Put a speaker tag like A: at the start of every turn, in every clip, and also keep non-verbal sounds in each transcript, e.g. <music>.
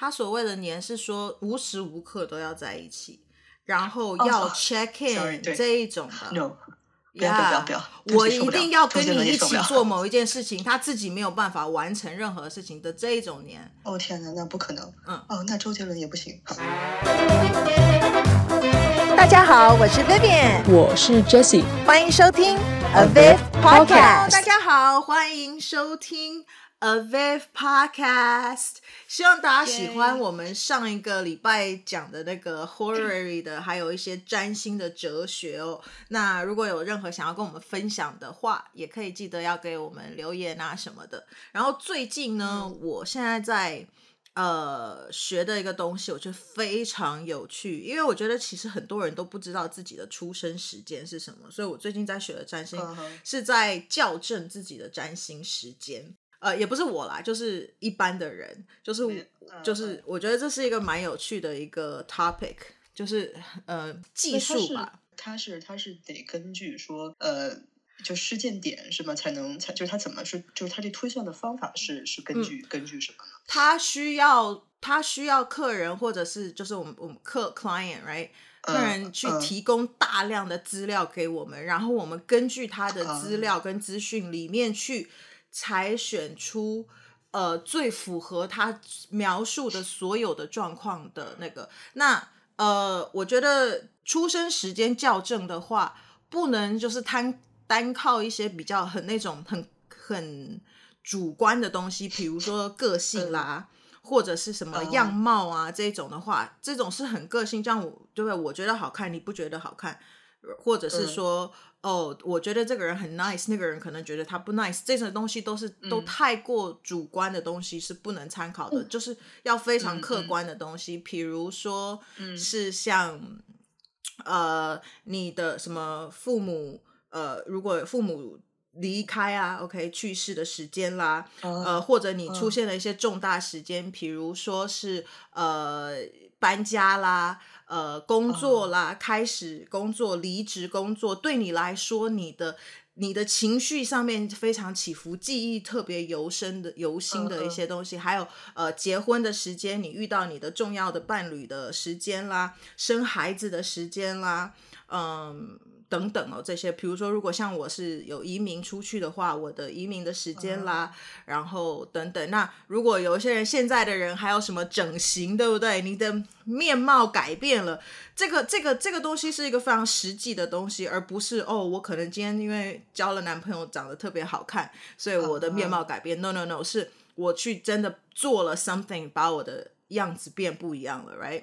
A: 他所謂的年是說無時無刻都要在一起，然後要 check in、oh, 啊、這一種的。Sorry, no，yeah, 不要不要不要！我一定要跟你一起做某一件事情，他自己沒有辦法完成任何事情的這一種年。哦、oh, 天哪，那不可能。嗯，
B: 哦，oh, 那周杰倫也不行。大家好，我是 Vivian，
A: 我是 Jessie，歡迎收聽 avivPodcast。S... 動聽。大家好，歡迎收聽。avivPodcast Podcast，希望大家喜歡我們上一個禮拜講的那個 Horary 的，還有一些占星的哲學哦。那如果有任何想要跟我們分享的話，也可以記得要給我們留言啊什麼的。然後最近呢，我現在在呃學的一個東西，我覺得非常有趣，因為我覺得其實很多人都不知道自己的出生時間是什麼，所以我最近在學的占星、uh huh. 是在校正自己的占星時間。呃，也不是我啦，就是一般的人，就是，嗯、就是，我覺得這是一個蠻有趣的一個 topic，就是呃，是技術吧，
B: 它是它是得根據說呃，就事件點什麼才能才就是他怎麼是就是他這推算的方法是是根據，嗯、根據什
A: 麼？他需要他需要客人或者是就是我們我們客 client right 客人，去提供大量的資料給我們，嗯嗯，然後我們根據他的資料跟資訊裡面去。才選出呃最符合他描述的所有的狀況的那個，那呃，我覺得出生時間校正的話，不能就是單單靠一些比較很那種很很主觀的東西，比如說個性啦， <laughs> 或者是什麼樣貌啊這種的話，oh. 這種是很個性，這樣我，對不對，我覺得好看，你不覺得好看？或者是說，嗯、哦，我覺得這個人很 nice，那個人可能覺得他不 nice，這些東西都是、嗯、都太過主觀的東西是不能參考的，嗯、就是要非常客觀的東西，嗯、比如說是像、嗯、呃你的什麼父母，呃，如果父母離開啊，OK，去世的時間啦，嗯、呃，或者你出現了一些重大時間，嗯、比如說是呃搬家啦。呃，工作啦，oh. 開始工作，離職工作，對你來說，你的你的情緒上面非常起伏，記憶特別尤深的、猶新的一些東西，oh. 還有呃，結婚的時間，你遇到你的重要的伴侶的時間啦，生孩子的時間啦，嗯。等等哦，這些，比如說，如果像我是有移民出去的話，我的移民的時間啦，uh huh. 然後等等。那如果有一些人，現在的人還有什麼整形，對不對？你的面貌改變了，這個這個這個東西是一個非常實際的東西，而不是哦，我可能今天因為交了男朋友，長得特別好看，所以我的面貌改變。Uh huh. No no no，是我去真的做了 something，把我的樣子變不一樣了，right？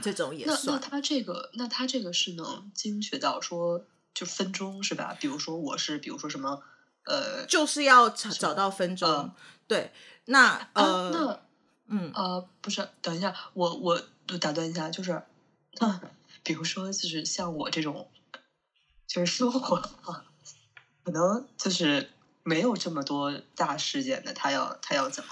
A: 這種也算。
B: 那那他這個，那他這個是能精確到說就分鐘是
A: 吧？比如說我是，比如說什麼，呃，就是要找什麼？找到分鐘。呃、對，那呃，啊、那嗯呃，不
B: 是，等一下，我我，我打斷一下，就是，嗯、呃，比如說就是像我這種，就是生活啊，可能就是沒有這麼多大事件的，他要他要怎麼？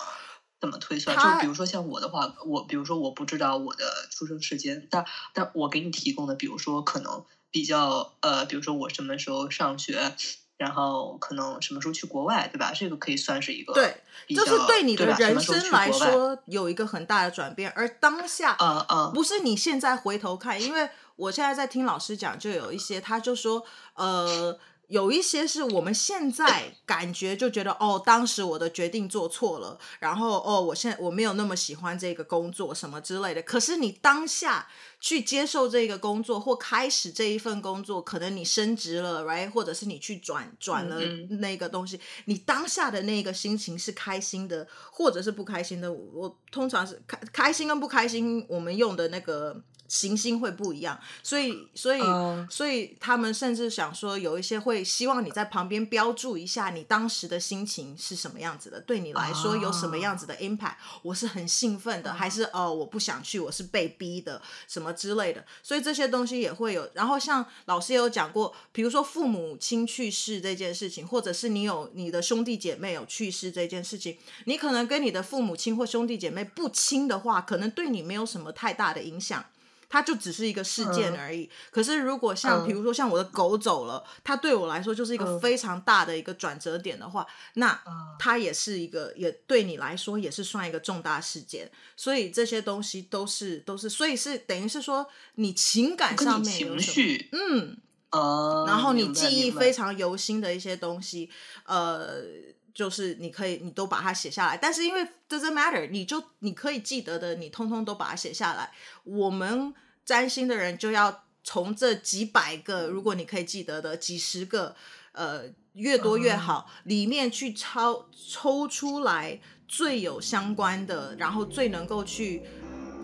B: 怎麼推算？還就比如說像我的話，我比如說我不知道我的出生時間，但但我給你提供的，比如說可能比較呃，比如說我什麼時候上學，然後可能什麼時候去國外，對吧？這個可以算是一個對，就是對你的人生來說
A: 有一個很大的轉變。而當下，啊啊不是你現在回頭看，嗯嗯，因為我現在在聽老師講，就有一些他就說呃。有一些是我們現在感覺就覺得哦，當時我的決定做錯了，然後哦，我現在我沒有那麼喜歡這個工作什麼之類的。可是你當下去接受這個工作或開始這一份工作，可能你升職了，right？或者是你去轉轉了那個東西，嗯嗯，你當下的那個心情是開心的，或者是不開心的。我，我通常是開開心跟不開心，我們用的那個。行星會不一樣，所以，所以，所以他們甚至想說，有一些會希望你在旁邊標註一下你當時的心情是什麼樣子的，對你來說有什麼樣子的 impact。我是很興奮的，還是哦我不想去，我是被逼的，什麼之類的。所以這些東西也會有。然後像老師也有講過，比如說父母親去世這件事情，或者是你有你的兄弟姐妹有去世這件事情，你可能跟你的父母親或兄弟姐妹不親的話，可能對你沒有什麼太大的影響。它就只是一個事件而已。嗯、可是，如果像比如說像我的狗走了，嗯、它對我來說就是一個非常大的一個轉折點的話，嗯、那它也是一個，嗯、也對你來說也是算一個重大事件。所以這些東西都是都是，所以是等於是說你情感上面情緒，
B: 嗯，嗯，嗯，然後你記憶非常
A: 猶新的一些東西，呃。就是你可以，你都把它寫下來。但是因為 doesn't matter，你就你可以記得的，你通通都把它寫下來。我們占星的人就要從這幾百個，如果你可以記得的幾十個，呃，越多越好，uh huh. 裡面去抄，抽出來最有相關的，然後最能夠去。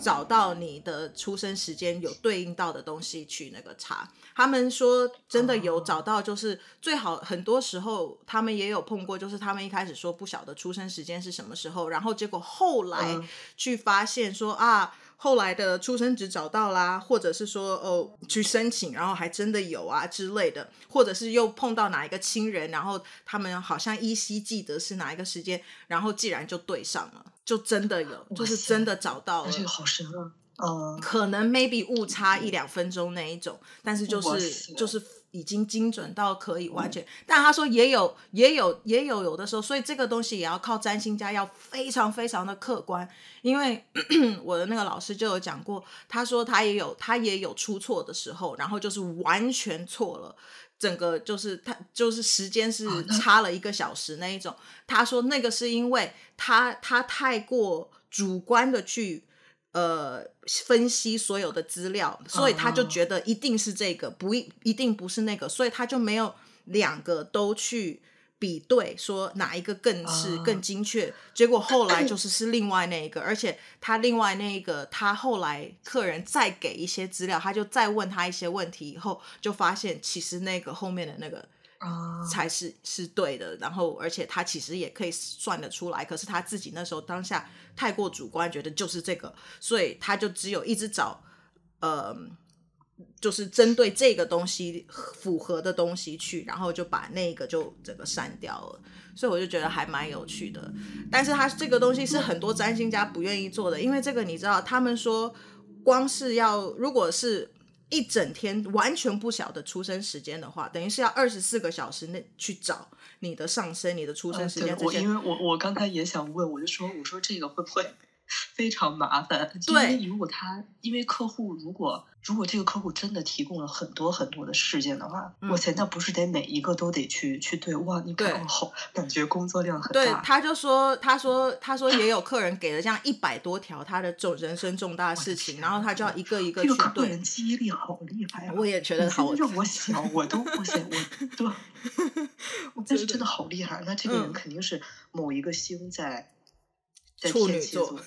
A: 找到你的出生時間有對應到的東西去那個查，他們說真的有找到，就是最好很多時候他們也有碰過，就是他們一開始說不曉得出生時間是什麼時候，然後結果後來去發現說啊，後來的出生紙找到啦、啊，或者是說哦去申請，然後還真的有啊之類的，或者是又碰到哪一個親人，然後他們好像依稀記得是哪一個時間，然後既然就對上了。就真的有，哇塞，就是真的找到了，這個好
B: 神啊！呃，可
A: 能 maybe 誤差一兩分鐘那一種，嗯、但是就是哇塞，就是已經精準到可以完全。嗯、但他說也有也有也有有的時候，所以這個東西也要靠占星家要非常非常的客觀。因為 <coughs> 我的那個老師就有講過，他說他也有他也有出錯的時候，然後就是完全錯了。整個就是他，就是時間是差了一個小時那一種。他說那個是因為他他太過主觀的去呃分析所有的資料，所以他就覺得一定是這個，不一定不是那個，所以他就沒有兩個都去。比對說哪一個更，是更精確，uh, 結果後來就是是另外那一個， <coughs> 而且他另外那一個，他後來客人再給一些資料，他就再問他一些問題，以後就發現其實那個後面的那個才是、uh. 是對的，然後而且他其實也可以算得出來，可是他自己那時候當下太過主觀，覺得就是這個，所以他就只有一直找，呃。就是針對這個東西符合的東西去，然後就把那個就整個刪掉了。所以我就覺得還蠻有趣的。但是它這個東西是很多占星家不願意做的，因為這個你知道，他們說光是要如果是一整天完全不曉得出生時間的話，等於是要二十四個小時內去找你的上升、你的出生時間這、哦。我因為我
B: 我剛才也想問，我就說我說這個會不會？非常麻煩，因為如果他，因為客戶如果如果這個客戶真的提供了很多很多的事件的話，我天，那不是得每一個都得去去對哇？你比我好，感覺工作量很大。對，
A: 他就說，他說，他說也有客人給了這樣一百多條他的重人生重大事情，然後他就要一個一個去對。這個人
B: 記憶力好厲害，我也覺得好，讓我想，我都不想，我都，但是真的好厲害。那這個人肯定是某一個星在在處女座。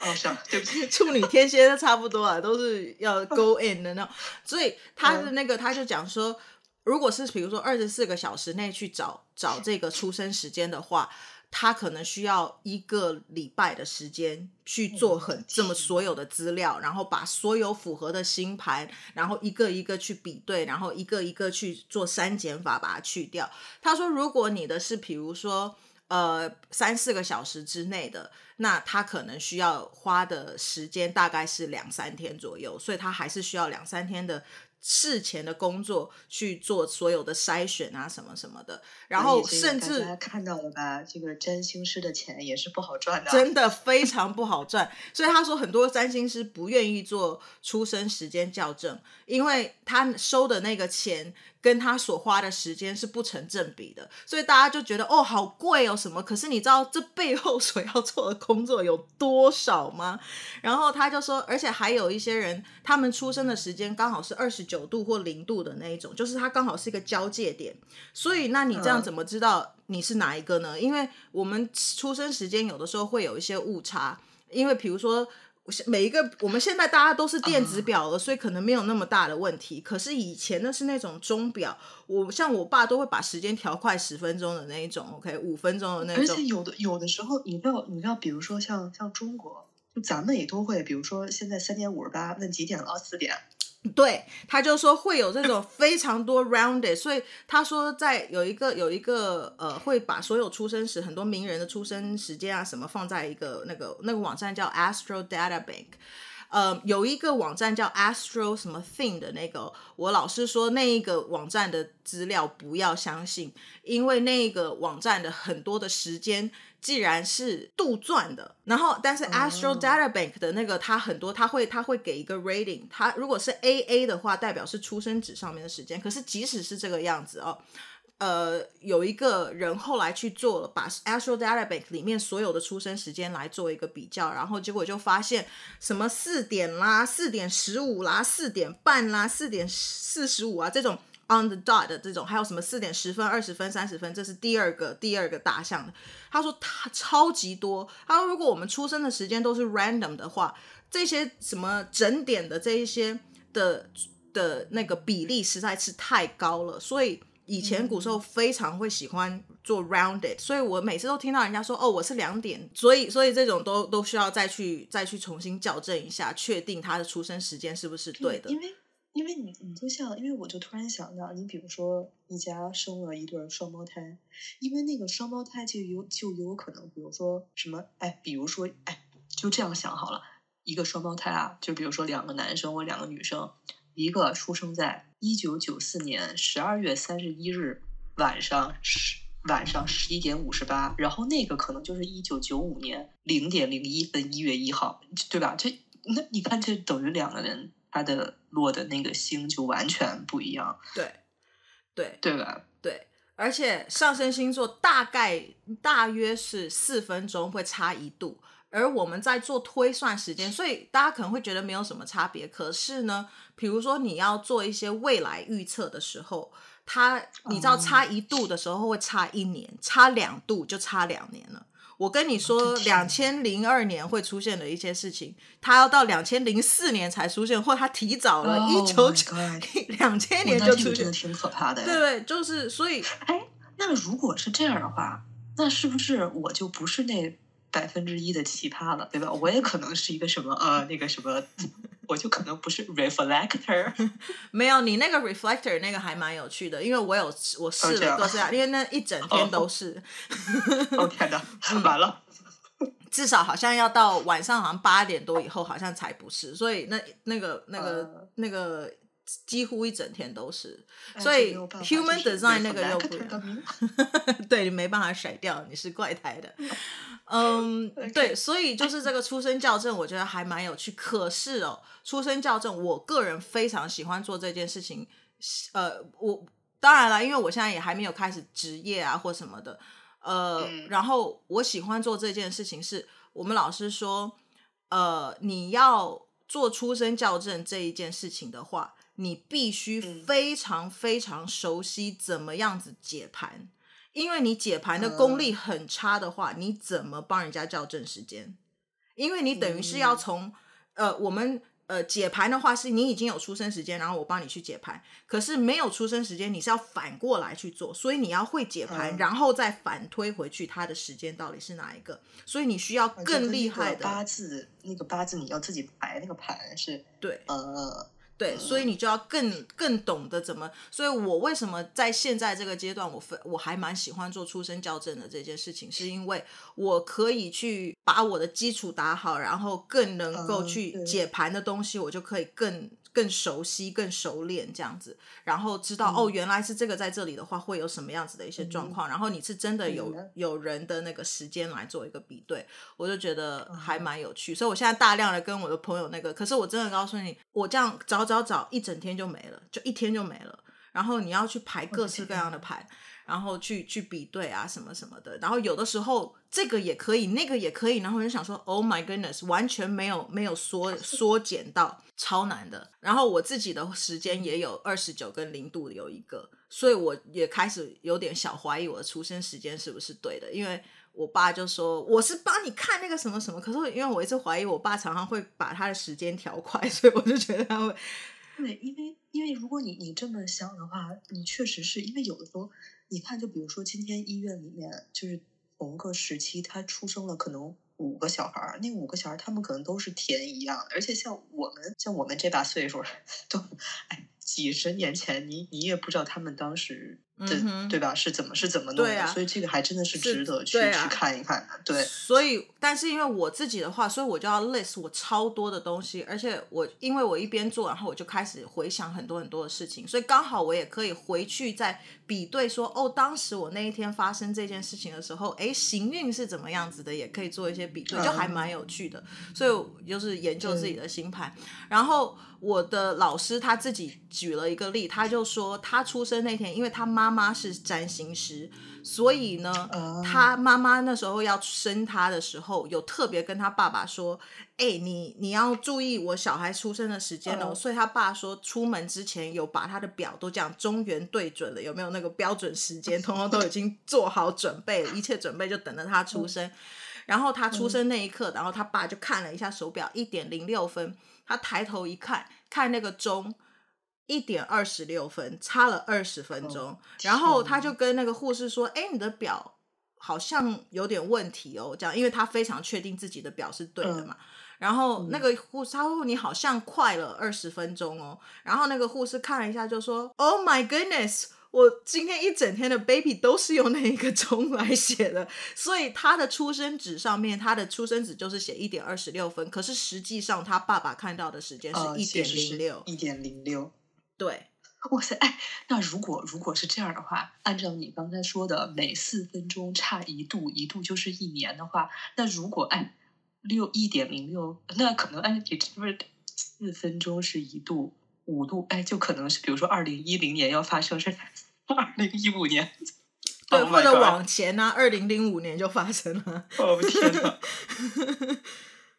A: 哦，對不起，處女天蠍都差不多啊，都是要 go in 的那種。所以他的那個，他就講說，如果是比如說二十四個小時內去找找這個出生時間的話，他可能需要一個禮拜的時間去做很這麼所有的資料，然後把所有符合的星盤，然後一個一個去比對，然後一個一個去做刪減法把它去掉。他說，如果你的是比如說。呃，三四個小時之內的，那他可能需要花的時間大概是兩三天左右，所以他還是需要兩三天的事前的工作去做所有的篩選啊，什麼什麼的。然後甚至看到了吧，這個占星師的錢也是不好賺的，真的非常不好賺。所以他說，很多占星師不願意做出生時間校正，因為他收的那個錢。跟他所花的時間是不成正比的，所以大家就覺得哦，好貴哦。什麼？可是你知道這背後所要做的工作有多少嗎？然後他就說，而且還有一些人，他們出生的時間剛好是二十九度或零度的那一種，就是他剛好是一個交界點。所以，那你這樣怎麼知道你是哪一個呢？因為我們出生時間有的時候會有一些誤差，因為比如說。我現，每一個，我們現在大家都是電子錶了，uh, 所以可能沒有那麼大的問題。可是以前的是那種鐘錶，我像我爸都會把時間調快十分鐘的那一種。OK，
B: 五分鐘的那種。而且有的有的時候你要，你知道，你知道，比如說像像中國，就咱們也都會，比如說現在三點五十八，問幾點了、啊？四點、啊。
A: 對，他就說會有這種非常多 rounded，所以他說在有一個有一個呃，會把所有出生時很多名人的出生時間啊什麼放在一個那個那個網站叫 Astro Data Bank。呃，有一個網站叫 Astro 什麼 thing 的那個，哦，我老是說那一個網站的資料不要相信，因為那一個網站的很多的時間既然是杜撰的。然後，但是 Astro，oh. Data Bank 的那個，它很多，它會它會給一個 rating，它如果是 AA 的話，代表是出生紙上面的時間。可是，即使是這個樣子哦。呃，有一個人後來去做了，把 Astro Databank 裡面所有的出生時間來做一個比較，然後結果就發現什麼四點啦、四點十五啦、四點半啦、四點四十五啊這種 on the dot 的這種，還有什麼四點十分、二十分、三十分，這是第二個第二個大象的。他說他超級多，他說如果我們出生的時間都是 random 的話，這些什麼整點的這一些的的那個比例實在是太高了，所以。以前古時候非常會喜歡做 rounded，嗯、所以我每次都聽到人家說哦，我是兩點，所以所以這種都都需要再去再去重新校正一下，確定他的出生時間是不是對的。
B: 因為因為你你就像，因為我就突然想到，你比如說你家生了一對雙胞胎，因為那個雙胞胎就有就有有可能，比如說什麼哎，比如說哎，就這樣想好了，一個雙胞胎啊，就比如說兩個男生或兩個女生，一個出生在。一九九四年十二月三十一日晚上十晚上十一點五十八，然後那個可能就是一九九五年零點零一分一月一號，對吧？這那你看，這等於兩個人他的落的那個星就完全不一樣，對對對吧？
A: 對，而且上升星座大概大約是四分鐘會差一度。而我們在做推算時間，所以大家可能會覺得沒有什麼差別。可是呢，比如說你要做一些未來預測的時候，它你知道差一度的時候會差一年，oh. 差兩度就差兩年了。我跟你說，兩千零二年會出現的一些事情，它要到兩千零四年才出現，或它提早了一九九兩千年就出現了。
B: 真的挺可怕的。對對，就是所以，哎，那如果是這樣的話，那是不是我就不是那個？百分之一的奇葩了，對吧？我也可能是一個什麼呃，那個什麼，我就可能不是 reflector。
A: 沒有，你那個 reflector 那個還蠻有趣的，因為我有我試了都是、啊，哦、這樣因為那一整天都是。哦天哪、 <laughs> Okay，完了、嗯！至少好像要到晚上，好像八點多以後好像才不是，所以那那個那個那個。那個呃那個幾乎一整天都是，所以 human design 那個又不能， <laughs> 對，你沒辦法甩掉，你是怪胎的。嗯、um,，Okay. Okay. 對，所以就是這個出生校正，我覺得還蠻有趣。可是哦，出生校正，我個人非常喜歡做這件事情。呃，我當然了，因為我現在也還沒有開始職業啊或什麼的。呃，嗯、然後我喜歡做這件事情是，是我們老師說，呃，你要做出生校正這一件事情的話。你必須非常非常熟悉怎麼樣子解盤，因為你解盤的功力很差的話，你怎麼幫人家校正時間？因為你等於是要從呃，我們呃解盤的話是，你已經有出生時間，然後我幫你去解盤。可是沒有出生時間，你是要反過來去做，所以你要會解盤，然後再反推回去它的時間到底是哪一個。所以你需要更厲害的八
B: 字，那個八字你要自己排那個盤是，對，呃。
A: 對，所以你就要更更懂得怎麼，所以我為什麼在現在這個階段我，我我還蠻喜歡做出生校正的這件事情，是因為我可以去把我的基礎打好，然後更能夠去解盤的東西，我就可以更。更熟悉，更熟練這樣子，然後知道、嗯、哦，原來是這個在這裡的話會有什麼樣子的一些狀況，嗯、然後你是真的有了有人的那個時間來做一個比對，我就覺得還蠻有趣，Okay. 所以我現在大量的跟我的朋友那個，可是我真的告訴你，我這樣找找找一整天就沒了，就一天就沒了，然後你要去排各式各樣的牌。Okay. 然後去去比對啊，什麼什麼的。然後有的時候這個也可以，那個也可以。然後我就想說，Oh my goodness，完全沒有沒有縮縮減到超難的。然後我自己的時間也有二十九跟零度有一個，所以我也開始有點小懷疑我的出生時間是不是對的。因為我爸就說我是幫你看那個什麼什麼，可是因為我一直懷疑，我爸常常會把他的時間調快，所以我就覺得他會。因為。
B: 因為如果你你這麼想的話，你確實是因為有的時候，你看，就比如說今天醫院裡面，就是同個時期他出生了可能五個小孩兒，那五個小孩兒他們可能都是甜一樣，而且像我們像我們這把歲數，都哎幾十年前，你你也不知道他們當時。對對吧？是怎麼是怎麼弄的？啊、所以這個還真的是值
A: 得去，啊、去看一看對，所以但是因為我自己的話，所以我就要 list 我超多的東西，而且我因為我一邊做，然後我就開始回想很多很多的事情，所以剛好我也可以回去再比對說，說哦，當時我那一天發生這件事情的時候，哎，行運是怎麼樣子的，也可以做一些比對，就還蠻有趣的。所以就是研究自己的星盤，嗯、然後。我的老師他自己舉了一個例，他就說他出生那天，因為他媽媽是占星師，所以呢，嗯、他媽媽那時候要生他的時候，有特別跟他爸爸說：“哎、欸，你你要注意我小孩出生的時間哦。”嗯、所以他爸說出門之前有把他的表都這樣中原對準了，有沒有那個標準時間？通通都已經做好準備了， <laughs> 一切準備就等着他出生。嗯、然後他出生那一刻，然後他爸就看了一下手表，一點零六分。他抬頭一看，看那個鐘，一點二十六分，差了二十分鐘。Oh, 然後他就跟那個護士說：“哎， <noise> 你的表好像有點問題哦。”這樣，因為他非常確定自己的表是對的嘛。Uh, 然後那個護士他說：“你好像快了二十分鐘哦。”然後那個護士看了一下，就說：“Oh my goodness！” 我今天一整天的 baby 都是用那一個鐘來寫的，所以他的出生紙上面，他的出生紙就是寫一點二十六分。可是實際
B: 上他爸爸看到的時間是一點、呃、零六，一點零六。對，哇塞！哎，那如果如果是這樣的話，按照你剛才說的，每四分鐘差一度，一度就是一年的話，那如果按六一點零六，那可能按是不是四分鐘是一度？五度，哎，就可能是，比如說二零一零年要發生，是二零一五年，對，oh、或者往前呢、啊，二零零五年就發生了。哦、oh, 天哪！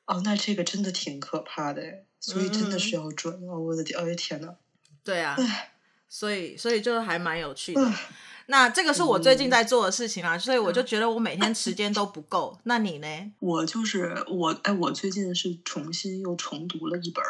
B: 哦， <laughs> oh, 那這個真的挺可怕的，所以真的是要準、嗯、哦，我的天，哎，天吶。對啊，唉
A: 所以所以就還蠻有趣的。唉那這個是我最近在做的事情啊，嗯、所以我就覺得我每天時間都不夠。嗯、那你呢？
B: 我就是我，哎，我最近是重新又重讀了一本。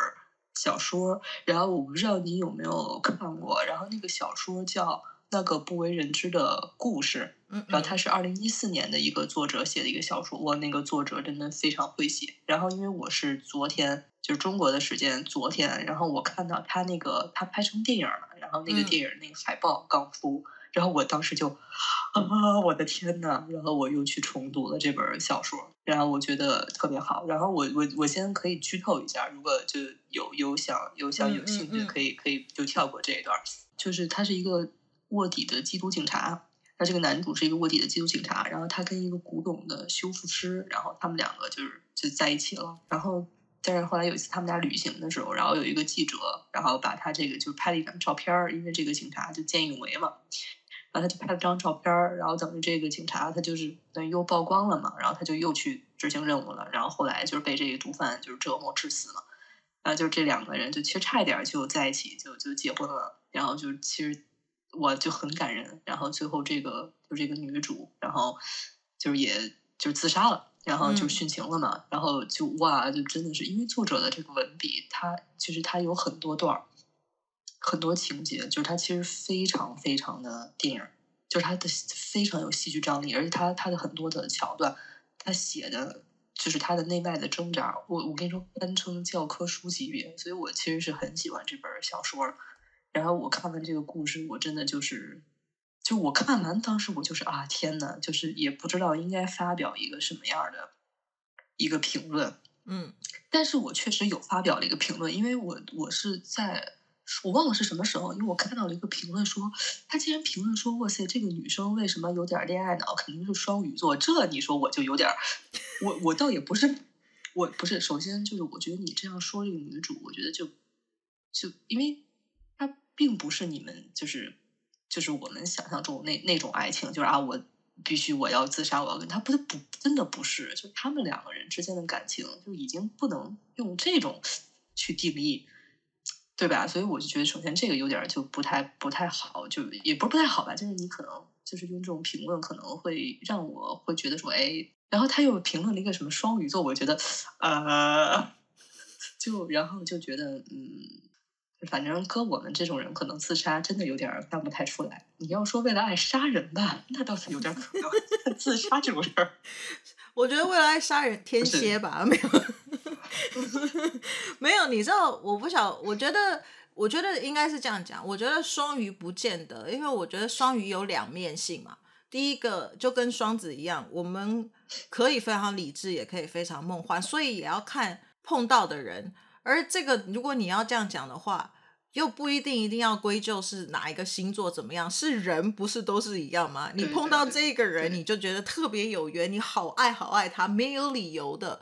B: 小說，然後我不知道你有沒有看過，然後那個小說叫《那個不為人知的故事》，嗯嗯，然後它是二零一四年的一個作者寫的一個小說，我那個作者真的非常會寫。然後因為我是昨天，就是中國的時間，昨天，然後我看到他那個他拍成電影了，然後那個電影、嗯，那個海報剛出。然後我當時就，啊，我的天吶。然後我又去重讀了這本小說，然後我覺得特別好。然後我我我先可以劇透一下，如果就有有想有想有興趣，可以可以就跳過這一段。嗯嗯、就是他是一個臥底的緝毒警察，他這個男主是一個臥底的緝毒警察，然後他跟一個古董的修復師，然後他們兩個就是就在一起了。然後但是後來有一次他們倆旅行的時候，然後有一個記者，然後把他這個就拍了一張照片兒，因為這個警察就見義勇為嘛。然後他就拍了張照片兒，然後等於這個警察他就是等於又曝光了嘛，然後他就又去執行任務了，然後後來就是被這個毒販就是折磨致死了，然後就這兩個人就其實差一點就在一起就就結婚了，然後就其實我就很感人，然後最後這個就這個女主，然後就是也就是自殺了，然後就殉情了嘛，嗯，然後就哇，就真的是因為作者的這個文筆，他其實他有很多段兒。很多情節就是它其實非常非常的電影，就是它的非常有戲劇張力，而且它它的很多的橋段，他寫的就是他的內在的掙扎。我我跟你說，堪稱教科書級別。所以我其實是很喜歡這本小說。然後我看完這個故事，我真的就是就我看完當時我就是啊天吶，就是也不知道應該發表一個什麼樣的一個評論。嗯，但是我確實有發表了一個評論，因為我我是在。我忘了是什麼時候，因為我看到了一個評論說，他竟然評論說：“哇塞，這個女生為什麼有點戀愛腦？肯定是雙魚座。”這你說我就有點兒，我我倒也不是，我不是。首先就是我覺得你這樣說這個女主，我覺得就就，因為她並不是你們就是就是我們想象中那那種愛情，就是啊，我必須我要自殺，我要跟他，不是不真的不是，就他們兩個人之間的感情就已經不能用這種去定義。對吧？所以我就覺得，首先這個有點就不太不太好，就也不是不太好吧，就是你可能就是用這種評論，可能會讓我會覺得說，哎，然後他又評論了一個什麼雙魚座，我覺得，呃，就然後就覺得，嗯，反正擱我們這種人，可能自殺真的有點看不太出來。你要說為了愛殺人吧，那倒是有點可能自殺這種事兒。 <laughs> 我覺得為了愛殺人，天蠍吧，對沒有。
A: <laughs> 沒有，你知道，我不曉，我覺得，我覺得應該是這樣講。我覺得雙魚不見得，因為我覺得雙魚有兩面性嘛。第一個就跟雙子一樣，我們可以非常理智，也可以非常夢幻，所以也要看碰到的人。而這個，如果你要這樣講的話，又不一定一定要歸咎是哪一個星座怎麼樣，是人不是都是一樣嗎？你碰到這個人，你就覺得特別有緣，你好愛好愛他，沒有理由的。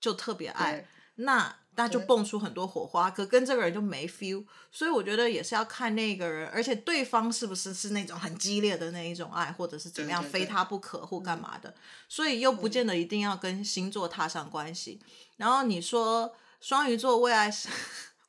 A: 就特別愛，對那那就蹦出很多火花，對可跟這個人就沒 feel，所以我覺得也是要看那個人，而且對方是不是是那種很激烈的那一種愛，或者是怎麼樣非他不可或幹嘛的，對對對，所以又不見得一定要跟星座踏上關係。嗯、然後你說雙魚座為愛。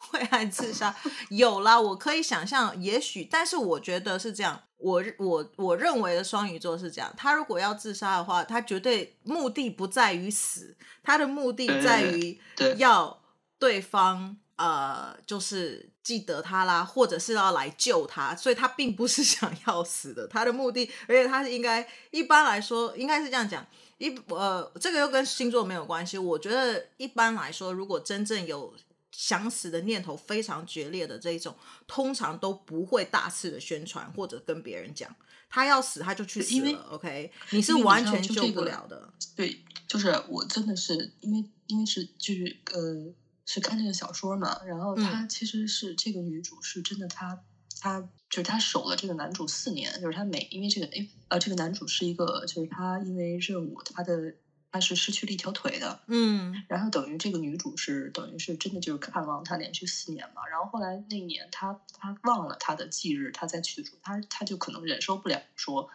A: 會來自殺？有啦，我可以想象，也許，但是我覺得是這樣。我我我認為的雙魚座是這樣：他如果要自殺的話，他絕對目的不在於死，他的目的在於要對方呃，就是記得他啦，或者是要來救他，所以他並不是想要死的。他的目的，而且他應該一般來說應該是這樣講。一呃，這個又跟星座沒有關係。我覺得一般來說，如果真正有。想死的念頭非常決裂的這一種，通常都不會大肆的宣傳或者跟別人講，他要死他就去死了。因為 OK，你是完全救不了
B: 的、這個。對，就是我真的是因為因為是就是呃是看那個小說嘛，然後他其實是、嗯、這個女主是真的她，她她就是她守了這個男主四年，就是她每因為這個哎呃這個男主是一個就是他因為任務他的。他是失去了一條腿的，
A: 嗯，然
B: 後等於這個女主是等於是真的就是看望他連續四年嘛，然後後來那一年他他忘了他的忌日，他再去他他就可能忍受不了說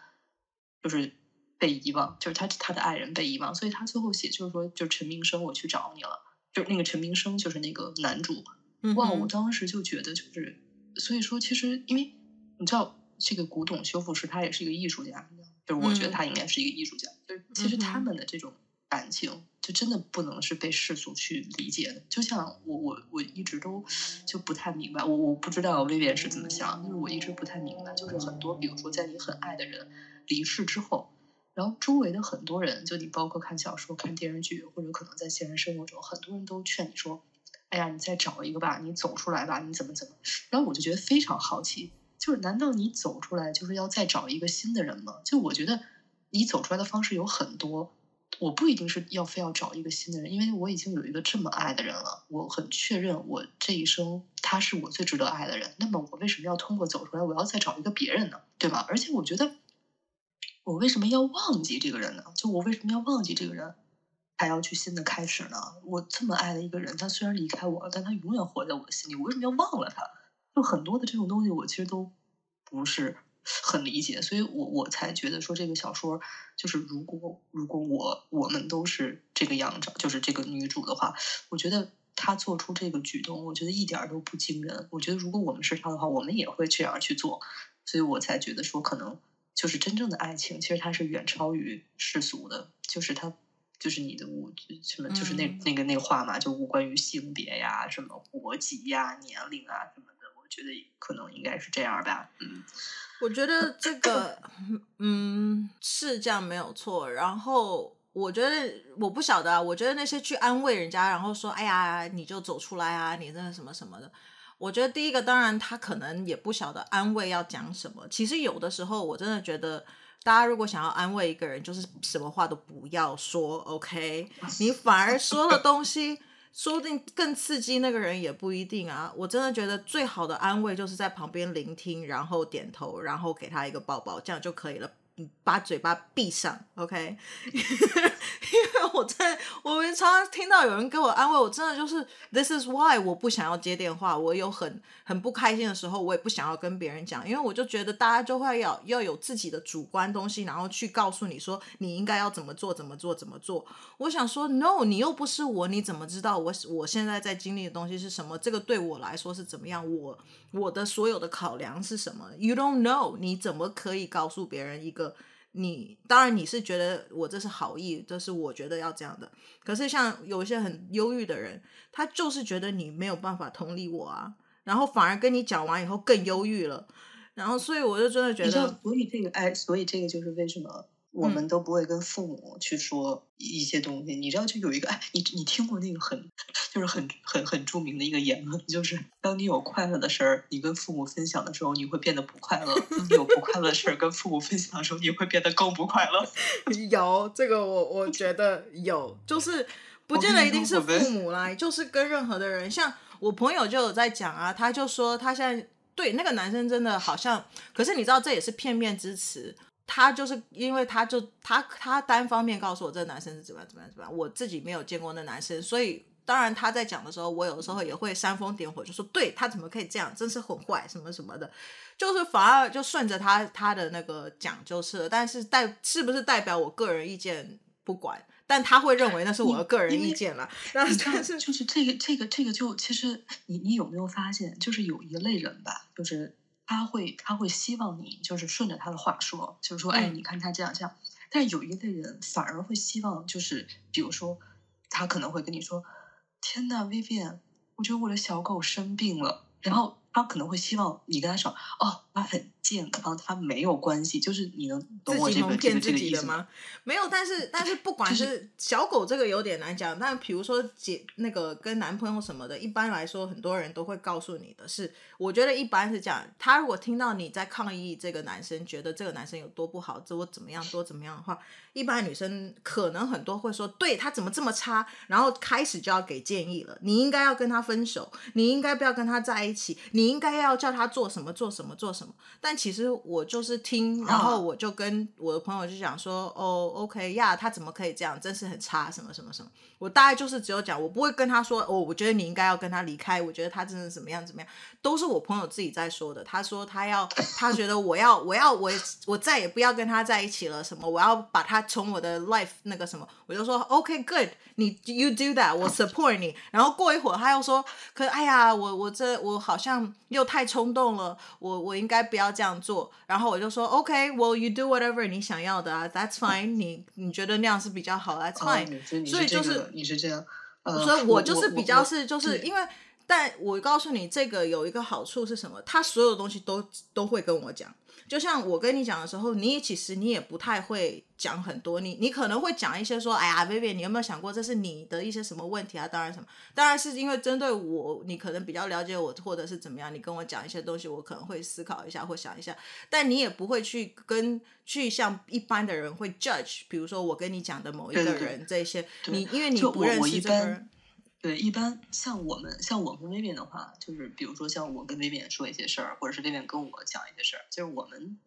B: 就是被遺忘，就是他他的愛人被遺忘，所以他最後寫就是說就陳銘生我去找你了，就那個陳銘生就是那個男主，嗯嗯哇，我當時就覺得就是所以說其實因為你知道這個古董修復師他也是一個藝術家，就是我覺得他應該是一個藝術家，嗯、就是其實他們的這種。感情就真的不能是被世俗去理解的。就像我我我一直都就不太明白，我我不知道薇薇是怎麼想，就是我一直不太明白，就是很多比如說在你很愛的人離世之後，然後周圍的很多人，就你包括看小說、看電視劇，或者可能在現實生活中，很多人都勸你說：“哎呀，你再找一個吧，你走出來吧，你怎麼怎麼。”然後我就覺得非常好奇，就是難道你走出來就是要再找一個新的人嗎？就我覺得你走出來的方式有很多。我不一定是要非要找一個新的人，因為我已經有一個這麼愛的人了。我很確認，我這一生他是我最值得愛的人。那麼我為什麼要通過走出來，我要再找一個別人呢？對吧？而且我覺得，我為什麼要忘記這個人呢？就我為什麼要忘記這個人，還要去新的開始呢？我這麼愛的一個人，他雖然離開我了，但他永遠活在我的心裡。我為什麼要忘了他？就很多的這種東西，我其實都不是。很理解，所以我我才覺得說，這個小說就是如果如果，我我們都是這個樣子，就是這個女主的話，我覺得她做出這個舉動，我覺得一點都不驚人。我覺得如果我們是她的話，我們也會這樣去做。所以我才覺得說，可能就是真正的愛情，其實它是遠超於世俗的，就是她就是你的物什麼，就是那、嗯、那個那個、話嘛，就無關於性別呀，什麼國籍呀，年齡啊什麼。覺得可能應該是這樣吧，
A: 嗯，我覺得這個，嗯，是這樣沒有錯。然後我覺得我不曉得啊，我覺得那些去安慰人家，然後說，哎呀，你就走出來啊，你那什麼什麼的。我覺得第一個，當然他可能也不曉得安慰要講什麼。其實有的時候，我真的覺得大家如果想要安慰一個人，就是什麼話都不要說，OK？你反而說的東西。 <laughs> 說不定更刺激那個人也不一定啊！我真的覺得最好的安慰就是在旁邊聆聽，然後點頭，然後給他一個抱抱，這樣就可以了。把嘴巴閉上，OK？ <laughs> 因為我在我們常常聽到有人給我安慰，我真的就是 This is why 我不想要接電話。我有很很不開心的時候，我也不想要跟別人講，因為我就覺得大家就會要要有自己的主觀東西，然後去告訴你說你應該要怎麼做，怎麼做，怎麼做。我想說，No，你又不是我，你怎麼知道我我現在在經歷的東西是什麼？這個對我來說是怎麼樣？我。我的所有的考量是什麼？You don't know，你怎麼可以告訴別人一個？你當然你是覺得我這是好意，這是我覺得要這樣的。可是像有一些很憂鬱的人，他就是覺得你沒有辦法同理我啊，然後反而跟你講完以後更憂鬱了。然後所以我就真的覺得，
B: 所以這個哎，所以這個就是為什麼。嗯、我們都不會跟父母去說一些東西，你知道，就有一個哎，你你聽過那個很，就是很很很著名的一個言論，就是當你有快樂的事兒，你跟父母分享的時候，你會變得不快樂；當你有不快樂的事兒 <laughs> 跟父母分享的時候，你會變得更不快樂。有這
A: 個我，我我覺得有， <laughs> 就是不見得一定是父母啦，就是跟任何的人，像我朋友就有在講啊，他就說他現在對那個男生真的好像，可是你知道這也是片面之詞。他就是，因為他就他他單方面告訴我這男生是怎麼樣怎麼樣怎麼樣，我自己沒有見過那男生，所以當然他在講的時候，我有的時候也會煽風點火，就說對他怎麼可以這樣，真是很壞什麼什麼的，就是反而就順着他他的那個講，就是了，但是代，是不是代表我個人意見
B: 不管，但他會認為那是我的個人意見了。你看就是這個這個這個就其實你你有沒有發現，就是有一類人吧，就是。他會，他會希望你就是順着他的話說，就是說，哎，你看他這樣這樣。但有一類人反而會希望，就是比如說，他可能會跟你說：“天哪，Vivian，我覺得我的小狗生病了。”然後。他可能會希望你跟他說，哦，他很健康，他沒有關係，就是你能能騙自，自己的嗎？嗎，沒有，但是
A: 但是，不管是小狗這個有點難講，就是、但比如說姐那個跟男朋友什麼的，一般來說很多人都會告訴你的是，我覺得一般是這樣，他如果聽到你在抗議這個男生，覺得這個男生有多不好，做我怎麼樣，多怎麼樣的話，一般女生可能很多會說，對，他怎麼這麼差，然後開始就要給建議了，你應該要跟他分手，你應該不要跟他在一起。你應該要叫他做什麼做什麼做什麼，但其實我就是聽，然後我就跟我的朋友就講說，oh, 哦，OK，呀，yeah，他怎麼可以這樣，真是很差，什麼什麼什麼。我大概就是只有講，我不會跟他說，哦，我覺得你應該要跟他離開，我覺得他真的怎麼樣怎麼樣，都是我朋友自己在說的。他說他要，他覺得我要 <coughs> 我要我我再也不要跟他在一起了，什麼，我要把他從我的 life 那個什麼，我就說 <coughs> OK good，你 you do that，我 support 你。 <coughs> 然後過一會兒他又說，可哎呀，我我這我好像。又太衝動了，我我應該不要這樣做。然後我就說，OK，Well，you、okay, do whatever 你想要的、啊、，That's fine、哦。你你覺得那樣是比較好的，That's fine。哦這個、所以
B: 就是你是這樣，呃、所以，我就是比較是
A: 就是因為，但我告訴你，嗯、這個有一個好處是什麼？他所有的東西都都會跟我講。就像我跟你講的時候，你其實你也不太會講很多，你你可能會講一些說，哎呀，Vivian，你有沒有想過這是你的一些什麼問題啊？當然什麼，當然是因為針對我，你可能比較了解我或者是怎麼樣，你跟我講一些東西，我可能會思考一下或想一下，但你也不會去跟去像一般的人會 judge，比如說我跟你講
B: 的某一個人這些，對對你對因為你不認識這個人。對，一般像我們，像我跟 Vivian 的話，就是比如說像我跟 Vivian 說一些事兒，或者是 Vivian 跟我講一些事兒，就是我們，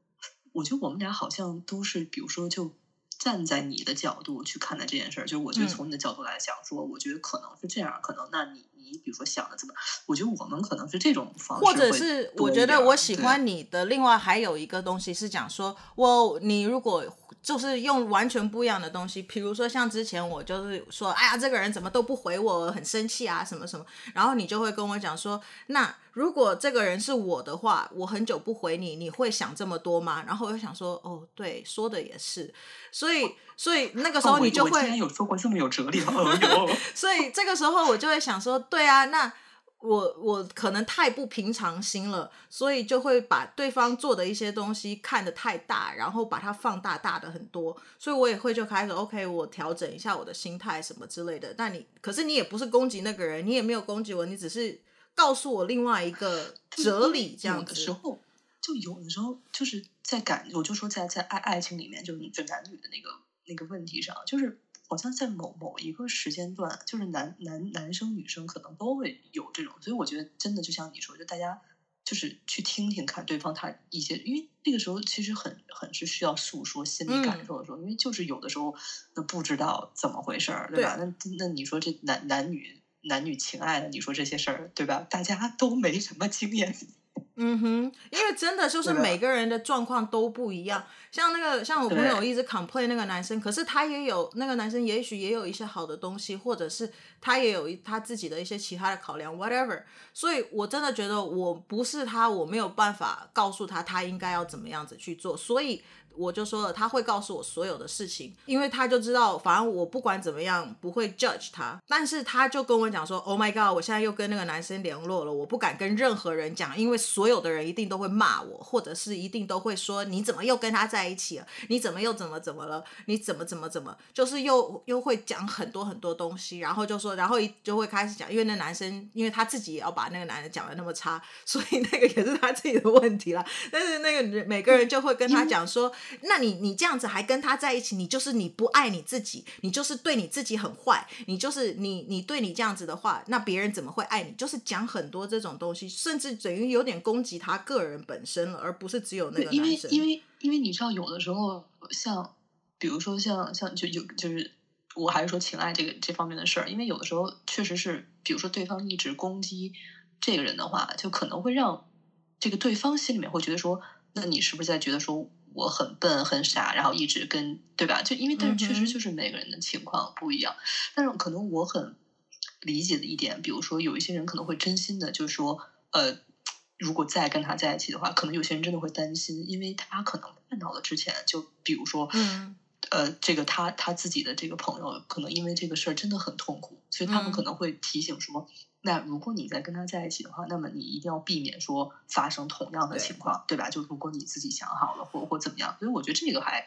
B: 我覺得我們倆好像都是，比如說就站在你的角度去看待這件事兒，就是我覺得從你的角度來講說、嗯、我覺得可能是這樣，可能那你。你比如說想的怎麼，我覺得我們可能是這種方式，或者是我覺得我喜歡
A: 你的另外還有一個東西是講說，對我你如果就是用完全不一樣的東西，比如說像之前我就是說，哎呀這個人怎麼都不回我，很生氣啊什麼什麼，然後你就會跟我講說那。如果這個人是我的話，我很久不回你，你會想這麼多嗎？然後我就想說，哦，對，說的也是，所以，所以那個時候你就會、哦哦、
B: 有過這麼有哲理，哎、
A: <laughs> 所以這個時候我就會想說，對啊，那我我可能太不平常心了，所以就會把對方做的一些東西看得太大，然後把它放大大的很多，所以我也會就開始，OK，我調整一下我的心態什麼之類的。但你，可是你也不是攻擊那個人，你也沒有攻擊我，
B: 你只是。告訴我另外一個哲理，這樣有的時候，就有的時候，就是在感，我就說在在愛愛情裡面，就是分男女的那個那個問題上，就是好像在某某一個時間段，就是男男男生女生可能都會有這種，所以我覺得真的就像你說，就大家就是去聽聽看對方他一些，因為那個時候其實很很是需要訴說心理感受的時候，嗯、因為就是有的時候那不知道怎麼回事兒，嗯、對吧？對。那那你說這男男女。男女情愛的，你說這些事兒，對吧？大家都沒什麼經驗。
A: 嗯哼，因為真的就是每個人的狀況都不一樣。吧像那個，像我朋友一直 complain 那個男生，對可是他也有那個男生，也許也有一些好的東西，或者是他也有他自己的一些其他的考量，whatever。所以我真的覺得，我不是他，我沒有辦法告訴他他應該要怎麼樣子去做。所以。我就說了，他會告訴我所有的事情，因為他就知道，反正我不管怎麼樣不會 judge 他，但是他就跟我講說：“Oh my god，我現在又跟那個男生聯絡了，我不敢跟任何人講，因為所有的人一定都會罵我，或者是一定都會說你怎麼又跟他在一起了？你怎麼又怎麼怎麼了？你怎麼怎麼怎麼？就是又又會講很多很多東西，然後就說，然後就會開始講，因為那男生，因為他自己也要把那個男人講得那麼差，所以那個也是他自己的問題啦。但是那個每個人就會跟他講說。”那你你這樣子還跟他在一起，你就是你不愛你自己，你就是對你自己很壞，你就是你你對你這樣子的話，那別人怎麼會愛你？就是講很多這種東西，甚至等於有點攻擊他個人本身了，而不是只有那個男生。因為
B: 因為因為你知道，有的時候像比如說像像就就就是，我還是說情愛這個這方面的事兒，因為有的時候確實是，比如說對方一直攻擊這個人的話，就可能會讓這個對方心裡面會覺得說，那你是不是在覺得說？我很笨很傻，然後一直跟對吧？就因為但是確實就是每個人的情況不一樣，嗯、哼但是可能我很理解的一點，比如說有一些人可能會真心的，就是說，呃，如果再跟他在一起的話，可能有些人真的會擔心，因為他可能看到了之前就比如說。嗯呃，這個他他自己的這個朋友，可能因為這個事兒真的很痛苦，所以他們可能會提醒說，嗯、那如果你在跟他在一起的話，那麼你一定要避免說發生同樣的情況，對，對吧？就如果你自己想好了或，或或怎麼樣，所以我覺得這個還，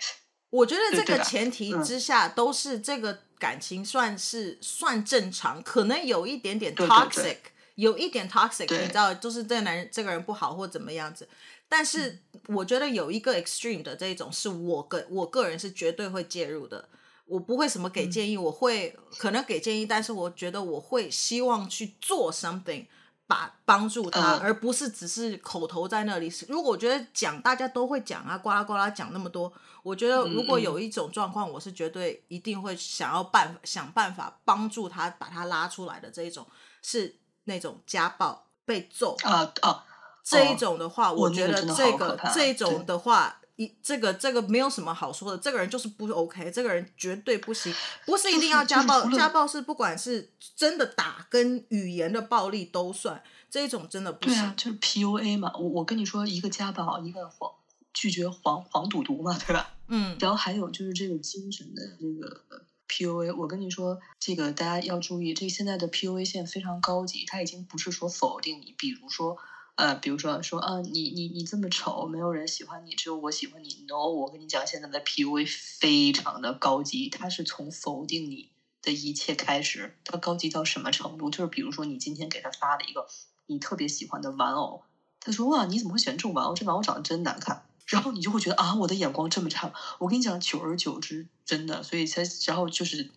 A: 我覺得這個前提之下都是這個感情算是算正常，可能、嗯、有一點點 toxic，有一點 toxic，對你知道，就是這男人這個人不好或怎麼樣子。但是我覺得有一個 extreme 的這一種，是我個我個人是絕對會介入的。我不會什麼給建議，嗯、我會可能給建議，但是我覺得我會希望去做 something，把幫助他，uh, 而不是只是口頭在那裡。如果我覺得講大家都會講啊，呱啦呱啦講那麼多，我覺得如果有一種狀況，我是絕對一定會想要辦想辦法幫助他，把他拉出來的這一種，是那種家暴被揍啊、uh, oh. 這一種的話，哦、我覺得這個、啊、這一種的話，一對這個這個沒有什麼好說的，這個人就是不 OK，這個人絕對不行。不是一定要家暴，就是就是、家暴是不管是真的打跟語言的暴力
B: 都算，這一種真的不行。對啊、就是 PUA 嘛，我我跟你說，一個家暴，一個黃拒絕黃黃賭毒嘛，對吧？嗯。然後還有就是這種精神的這個 PUA，我跟你說，這個大家要注意，這現在的 PUA 現在非常高級，他已經不是說否定你，比如說。呃，比如說說啊，你你你這麼醜，沒有人喜歡你，只有我喜歡你。No，我跟你講，現在的 PUA 非常的高級，他是從否定你的一切開始。他高級到什麼程度？就是比如說，你今天給他發了一個你特別喜歡的玩偶，他說，哇，你怎麼會選這種玩偶？這玩偶長得真難看。然後你就會覺得啊，我的眼光這麼差。我跟你講，久而久之，真的，所以才然後就是，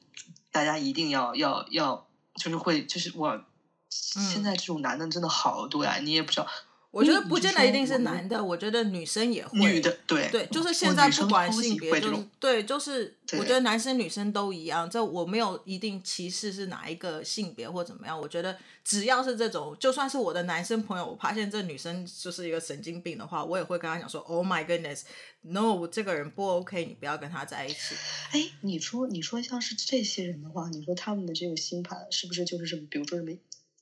B: 大家一定要要要，就是會就是我。現在這種男的真的好多呀，啊，嗯、你也不知道。我覺得不見得一定是男的，我，我覺得女生也會女的對對，就是現在不管性別，就是
A: 對，就是我覺得男生女生都一樣。這我沒有一定歧視是哪一個性別或怎麼樣。我覺得只要是這種，就算是我的男生朋友，我發現這女生就是一個神經病的話，我也會跟他講說：“Oh my goodness, no，這個人不 OK，你不要跟他在一起。”
B: 哎，你說你說像是這些人的話，你說他們的這個星盤是不是就是什麼？比如說什麼？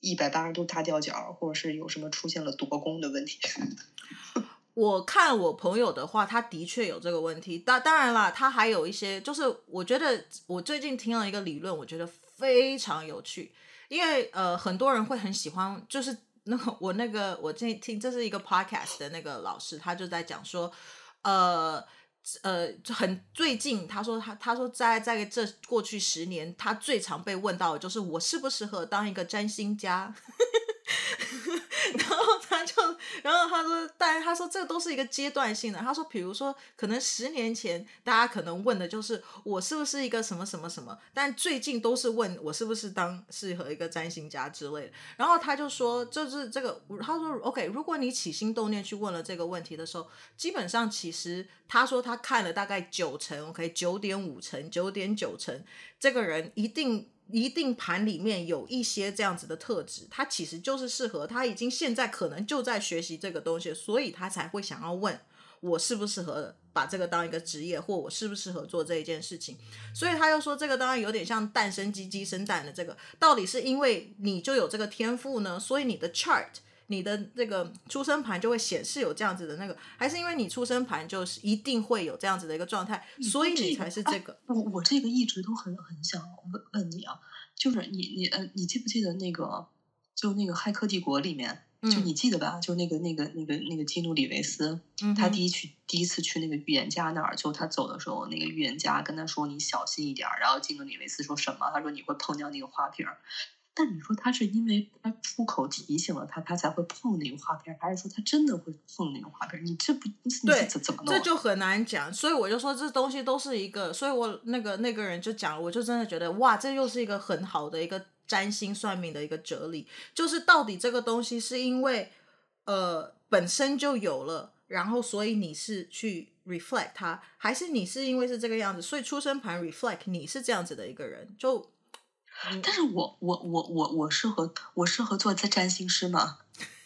B: 一百八十度大掉角，或者是有什麼出現了奪宮的問題什麼的。 <laughs> 我看我
A: 朋友的話，他的確有這個問題。但當然啦，他還有一些，就是我覺得我最近聽了一個理論，我覺得非常有趣。因為呃，很多人會很喜歡，就是那個我那個我最近聽這是一個 podcast 的那個老師，他就在講說，呃。呃，很最近，他說他他說在在這過去十年，他最常被問到的就是我適不適合當一個占星家，然後。就，然後他說，但他說這都是一個階段性的。他說，比如說，可能十年前大家可能問的就是我是不是一個什麼什麼什麼，但最近都是問我是不是當適合一個占星家之類的。然後他就說，就是這個，他說 OK，如果你起心動念去問了這個問題的時候，基本上其實他說他看了大概九成 OK，九點五成、九點九成，這個人一定。一定盤裡面有一些這樣子的特質，他其實就是適合，他已經現在可能就在學習這個東西，所以他才會想要問我適不適合把這個當一個職業，或我適不適合做這一件事情。所以他又說，這個當然有點像蛋生雞，雞生蛋的這個，到底是因為你就有這個天賦呢，所以你的 chart。你的這個出生盤就會顯示有這樣子的那個，還是因為你出生盤就是一定會有這樣子的一個狀態，所以你才是這個。
B: 嗯啊、我我這個一直都很很想問問，問你啊，就是你你呃，你記不記得那個就那個《駭客帝國》裡面，就你記得吧？嗯、就那個那個那個那個基努里維斯，他第一去、嗯、哼第一次去那個預言家那兒，就他走的時候，那個預言家跟他說你小心一點兒，然後基努里維斯說什麼？他說你會碰掉那個花瓶。但你說他是因為他出口提醒了他，他才會碰那個花邊，還是說他真的會碰那個花邊？你這不對，你這怎麼弄？這就
A: 很難講。所以我就說這東西都是一個。所以我那個那個人就講，我就真的覺得哇，這又是一個很好的一個占星算命的一個哲理，就是到底這個東西是因為呃本身就有了，然後所以你是去 reflect 它，還是你是因為是這個樣子，所以出生盤 reflect 你是這樣子的一個人就。但是我我我我我適合我適合做在占
B: 星師嗎？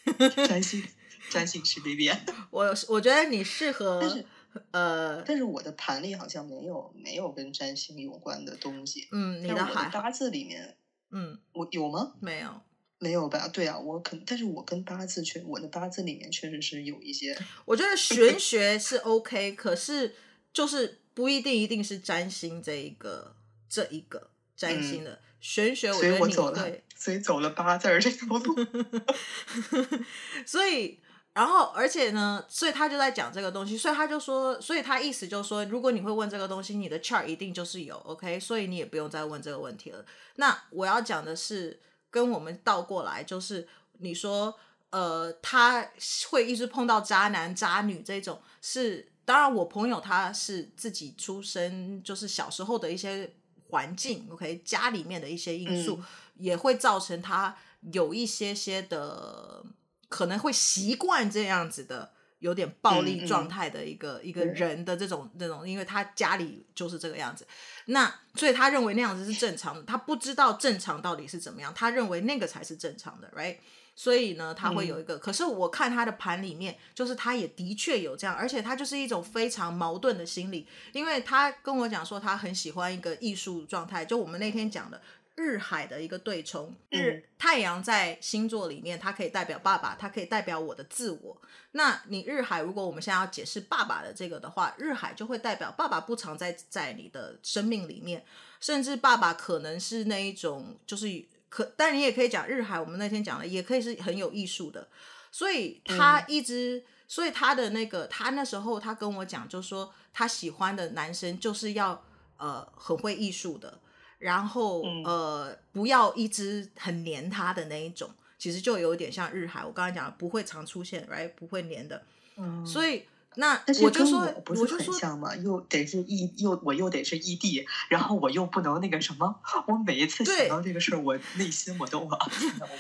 B: <laughs> 占星占星師 B B，我我覺得你適合，但是呃，但是我的盤裡好像沒有沒有跟占星有關的東西。嗯，你的海，海的八字裡面，嗯，我有嗎？沒有，沒有吧？對啊，我可，但是我跟八字確我的八字裡面確實是有一些。我覺得玄學
A: 是 OK， <laughs> 可是就是不一定一定是占星這一個這一個占星的。嗯玄學，
B: 我覺得你，所以我
A: 走了對，所以走了八字這條路， <laughs> <laughs> 所以然後而且呢，所以他就在講這個東西，所以他就說，所以他意思就是說，如果你會問這個東西，你的 chart 一定就是有 OK，所以你也不用再問這個問題了。那我要講的是，跟我們倒過來，就是你說，呃，他會一直碰到渣男渣女這種，是當然我朋友他是自己出生，就是小時候的一些。環境，OK，家裡面的一些因素也會造成他有一些些的，嗯、可能會習慣這樣子的，有點暴力狀態的一個、嗯、一個人的這種這種，嗯、因為他家裡就是這個樣子，那所以他認為那樣子是正常的，他不知道正常到底是怎麼樣，他認為那個才是正常的，right？所以呢，他會有一個，嗯、可是我看他的盤裡面，就是他也的確有這樣，而且他就是一種非常矛盾的心理，因為他跟我講說他很喜歡一個藝術狀態，就我們那天講的日海的一個對沖，日、嗯、太陽在星座裡面，它可以代表爸爸，它可以代表我的自我。那你日海，如果我們現在要解釋爸爸的這個的話，日海就會代表爸爸不常在在你的生命裡面，甚至爸爸可能是那一種就是。可，但你也可以講日海，我們那天講了，也可以是很有藝術的。所以他一直，嗯、所以他的那個，他那時候他跟我講，就是說他喜歡的男生就是要呃很會藝術的，然後、嗯、呃不要一直很黏他的那一種，其實就有點像日海，我剛才講不會常出現，來、right? 不會黏的，嗯、所以。那我就說，我不是很
B: 像嗎？又得是異，又我又得是異地，然後我又不能那個什麼。我每一次想到這個事兒，對我內心我都啊，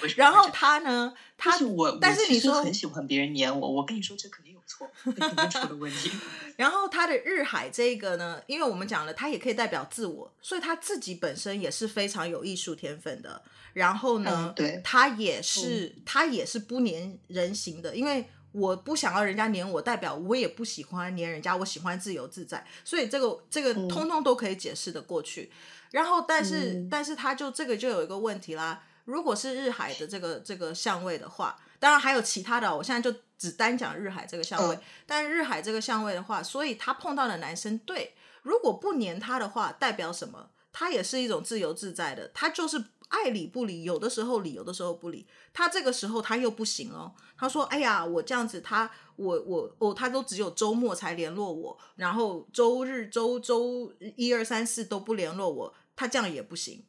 B: 我 <laughs> 然後他呢？他是我但是你說很喜歡別人粘我，我跟你說這肯定有錯，
A: 這肯定出了問題。然後他的日海這個呢，因為我們講了，他也可以代表自我，所以他自己本身也是非常有藝術天分的。然後呢，嗯、對，他也是、嗯、他也是不粘人形的，因為。我不想要人家黏我，代表我也不喜歡黏人家，我喜歡自由自在，所以這個這個通通都可以解釋得過去。嗯、然後，但是、嗯、但是他就這個就有一個問題啦，如果是日海的這個這個相位的話，當然還有其他的、哦，我現在就只單講日海這個相位。哦、但日海這個相位的話，所以他碰到的男生，對，如果不黏他的話，代表什麼？他也是一種自由自在的，他就是。愛理不理，有的時候理，有的時候不理。他這個時候他又不行哦。他說：“哎呀，我這樣子，他我我哦，他都只有周末才聯絡我，然後周日、周周、周一、二、三、四都不聯絡我。他這樣也不行。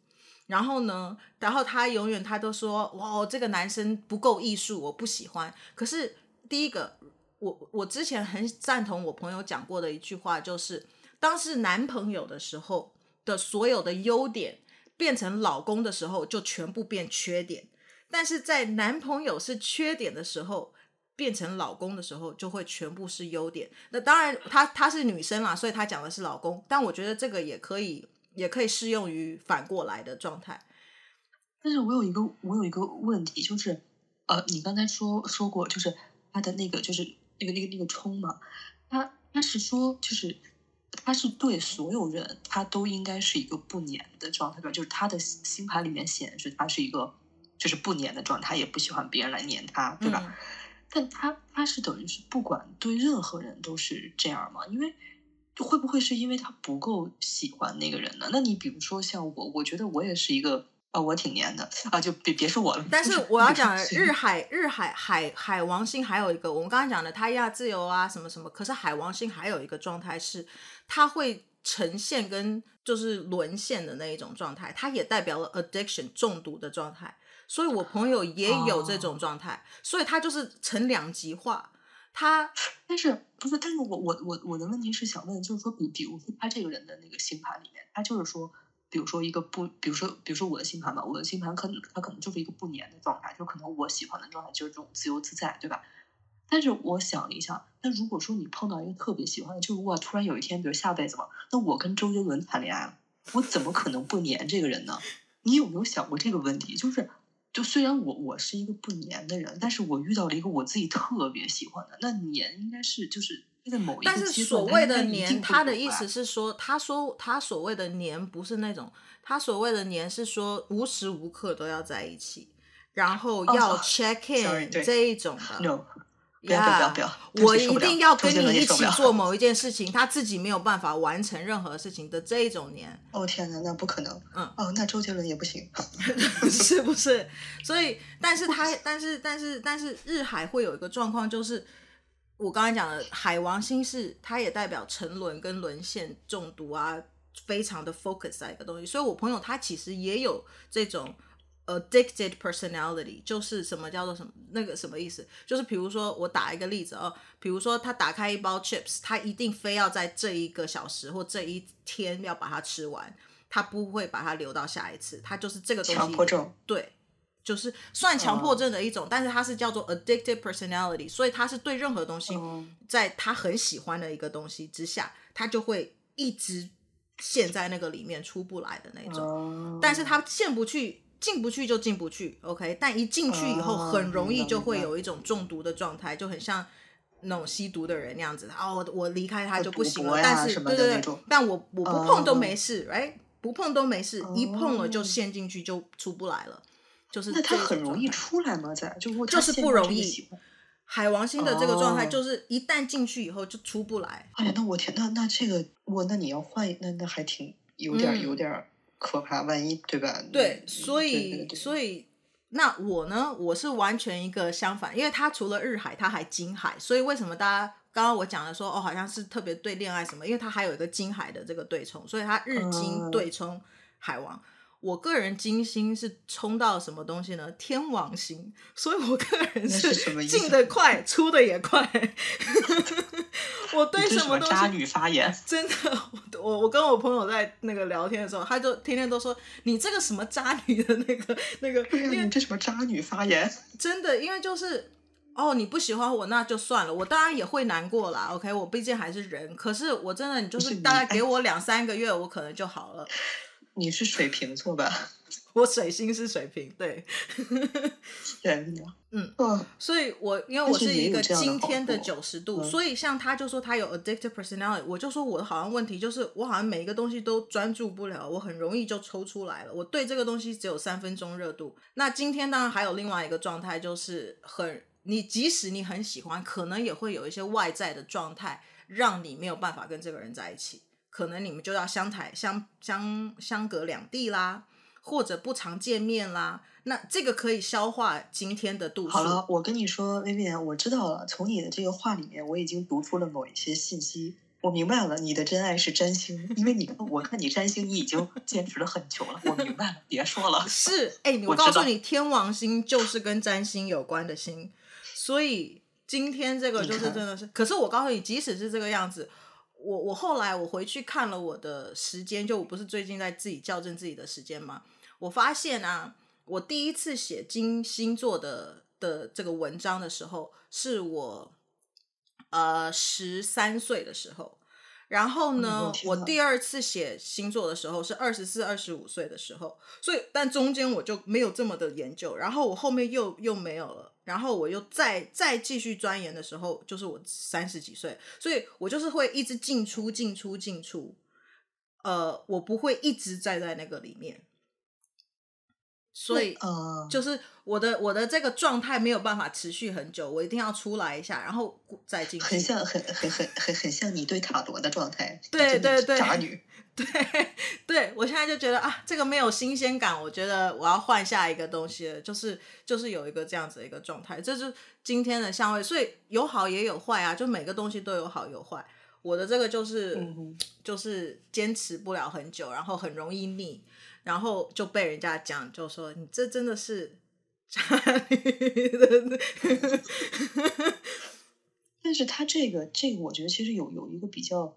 A: 然後呢，然後他永遠他都說哇，這個男生不夠藝術，我不喜歡。可是第一個，我我之前很贊同我朋友講過的一句話，就是當是男朋友的時候的所有的優點。”變成老公的時候就全部變缺點，但是在男朋友是缺點的時候，變成老公的時候就會全部是優點。那當然他，她她是女生啦，所以她講的是老公，但我覺得這個也可以，也可以適用於反過來的狀態。
B: 但是我有一個我有一個問題，就是呃，你剛才說說過，就是他的那個，就是那個那個那個衝嘛，他他是說就是。他是對所有人，他都應該是一個不黏的狀態吧？就是他的星盤裡面顯示他是一個，就是不黏的狀態，他也不喜歡別人來黏他，對吧？嗯、但他他是等於是不管對任何人都是這樣嘛？因為就會不會是因為他不夠喜歡那個人呢？那你比如說像我，我覺得我也是一個。啊、哦，我挺黏的啊，就別別說我了。但是我要講日
A: 海日海海海王星還有一個，我們剛才講的他要自由啊，什麼什麼。可是海王星還有一個狀態是，他會呈現跟就是淪陷的那一種狀態，他也代表了 addiction 中毒的狀態。所以我朋友也有這種
B: 狀態，哦、所以他就是呈兩極化。他但是不是？但是我我我我的問題是想問，就是說，比比如他這個人的那個星盤裡面，他就是說。比如說一個不，比如說比如說我的星盤吧，我的星盤可能它可能就是一個不粘的狀態，就可能我喜歡的狀態就是這種自由自在，對吧？但是我想了一下，那如果說你碰到一個特別喜歡的，就如果突然有一天，比如下輩子嘛，那我跟周杰倫談戀愛了，我怎麼可能不粘這個人呢？你有沒有想過這個問題？就是，就雖然我我是一個不粘的人，但是我遇到了一個我自己特別喜歡的，那粘應該是就是。但是所謂的年，他的意思
A: 是說，他說他所謂的年不是那種，他所謂的年是說無時無刻都要在一起，然後要 check in、oh, sorry, 這一種的。No，
B: 不要不要不要！我一定要跟你一起做
A: 某一件事情，他自己沒有辦法完成任何事情的這一種年。
B: 哦，天哪，那不可
A: 能。嗯。哦，那周杰倫也不行， <laughs> <laughs> 是不是？所以，但是他，但是， <laughs> 但是，但是，但是日海會有一個狀況就是。我剛才講的海王星是它，也代表沉淪跟淪陷、中毒啊，非常的 focus 的一個東西。所以我朋友他其實也有這種 addicted personality，就是什麼叫做什麼那個什麼意思？就是比如說我打一個例子哦，比如說他打開一包 chips，他一定非要在這一個小時或這一天要把它吃完，他不會把它留到下一次，他就是這個東西。強迫症。對。就是算強迫症的一種，uh, 但是它是叫做 addictive personality，所以他是對任何東西，在他很喜歡的一個東西之下，他、uh, 就會一直陷在那個裡面出不來的那種。Uh, 但是他陷不去，進不去就進不去。OK，但一進去以後，很容易就會有一種中毒的狀態，uh, 就很像那種吸毒的人那樣子。Uh, 哦，我我離開他就不行了，uh, 但是、uh, 對對對，uh, 但我我不碰都沒事，哎、right?，不碰都沒事，uh, 一碰了就陷進去就出不來了。就是那它很容易出來嗎？在，就就是不容易。
B: 海王星的這個狀態就
A: 是一旦進去以後就出不來。哦、
B: 哎呀，那我天，那那這個我那你要換，那那還挺有點、嗯、有點可怕，萬一對吧？對，對
A: 所以對對對所以那我呢，我是完全一個相反，因為它除了日海，它還金海，所以為什麼大家剛剛我講的說哦，好像是特別對戀愛什麼？因為它還有一個金海的這個對沖，所以它日金對沖海王。嗯。我個人金星是沖到什麼東西呢？天王星，所以我個人是進的快，出的也快。 <laughs> 我對什麼東西？什麼渣女發言？真的，我我我跟我朋友在那個聊天的時候，他就天天都說你這個什麼渣女的那個那個。對呀，你這
B: 什麼渣女發言？
A: 真的，因為就是哦，你不喜歡我那就算了，我當然也會難過啦。OK，我畢竟還是人。可是我真的，你就是大概給我兩三個月，你你我可能就好了。你是水瓶座吧？我水星是水瓶，對，真的嗯嗯，所以我因為我是一個金天的九十度，嗯、所以像他就說他有 addictive personality，我就說我的好像問題就是我好像每一個東西都專注不了，我很容易就抽出來了。我對這個東西只有三分鐘熱度。那金天當然還有另外一個狀態，就是很你即使你很喜歡，可能也會有一些外在的狀態，讓你沒有辦法跟這個人在一起。可能你們就要相台相相相隔兩地啦，或者不常見面啦。那這個可以消化今天的度數。好了，
B: 我跟你說，薇薇，我知道了。從你的這個話裡面，我已經讀出了某一些信息。我明白了，你的真愛是占星，因為你我看你占星，你已經堅持了很久了。 <laughs> 我明白
A: 了，別說了。是，哎，我告訴你，天王星就是跟占星有關的星。所以今天這個就是真的是。看可是我告訴你，即使是這個樣子。我我後來我回去看了我的時間，就我不是最近在自己校正自己的時間嗎？我發現啊，我第一次寫金星座的的這個文章的時候，是我呃十三歲的時候，然後呢，嗯、我，我第二次寫星座的時候是二十四、二十五歲的時候，所以但中間我就沒有這麼的研究，然後我後面又又沒有了。然後我又再再繼續鑽研的時候，就是我三十幾歲，所以我就是會一直進出進出進出，呃，我不會一直待在，在那個裡
B: 面，所以就
A: 是我的，呃，我的，我的這個狀態沒有辦法持續很久，我一定要出來一下，然後再進很。很
B: 像很很很很很像你對塔羅的狀態，對對對，渣女。
A: 對對，我現在就覺得啊，這個沒有新鮮感，我覺得我要換下一個東西了，就是就是有一個這樣子的一個狀態，這是今天的相位，所以有好也有壞啊，就每個東西都有好有壞。我的這個就是嗯哼，就是堅持不了很久，然後很容易膩，然後就被人家講，就說你這真的是渣女。
B: <laughs> 但是他這個這個，我覺得其實有有一個比較。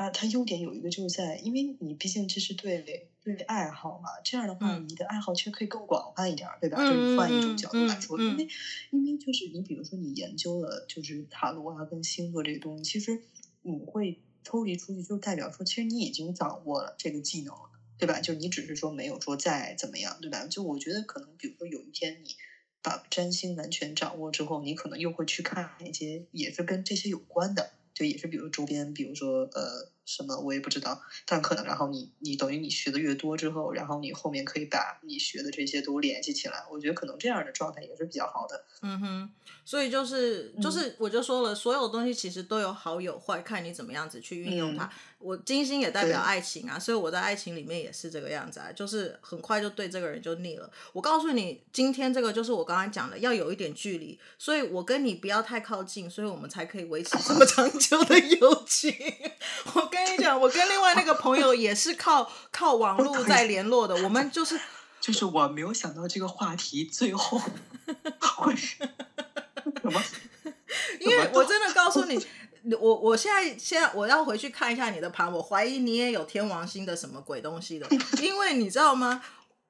B: 啊，它優點有一個就是在，因為你畢竟這是對對愛好嘛，這樣的話你的愛好其實可以更廣泛一點，對吧？就是換一種角度來說，因為因為就是你比如說你研究了就是塔羅啊跟星座這個東西，其實你會抽離出去，就代表說其實你已經掌握了這個技能了，對吧？就你只是說沒有說再怎麼樣，對吧？就我覺得可能比如說有一天你把占星完全掌握之後，你可能又會去看那些也是跟這些有關的。就也是，比如周邊，比如說呃，什麼我也不知道，但可能，然後你你等於你學的越多之後，然後你後面可以把你學的這些都聯繫起來，我覺得可能這樣的狀態也是比較好的。嗯
A: 哼，所以就是就是我就說了，嗯、所有東西其實都有好有壞，看你怎麼樣子去運用它。嗯我金星也代表愛情啊，對所以我在愛情裡面也是這個樣子啊，就是很快就對這個人就膩了。我告訴你，今天這個就是我剛剛講的，要有一點距離，所以我跟你不要太靠近，所以我們才可以維持這麼長久的友情。 <laughs> <laughs> 我跟你講，我跟另外那個朋友也是靠 <laughs> 靠，靠網絡在聯
B: 絡的， <laughs> 我們就是就是我沒有想到這個話題最後會什
A: <laughs> <laughs> 麼，因為我真的告訴你。 <laughs> 我我現在現在我要回去看一下你的盤，我懷疑你也有天王星的什麼鬼東西的，因為你知道嗎？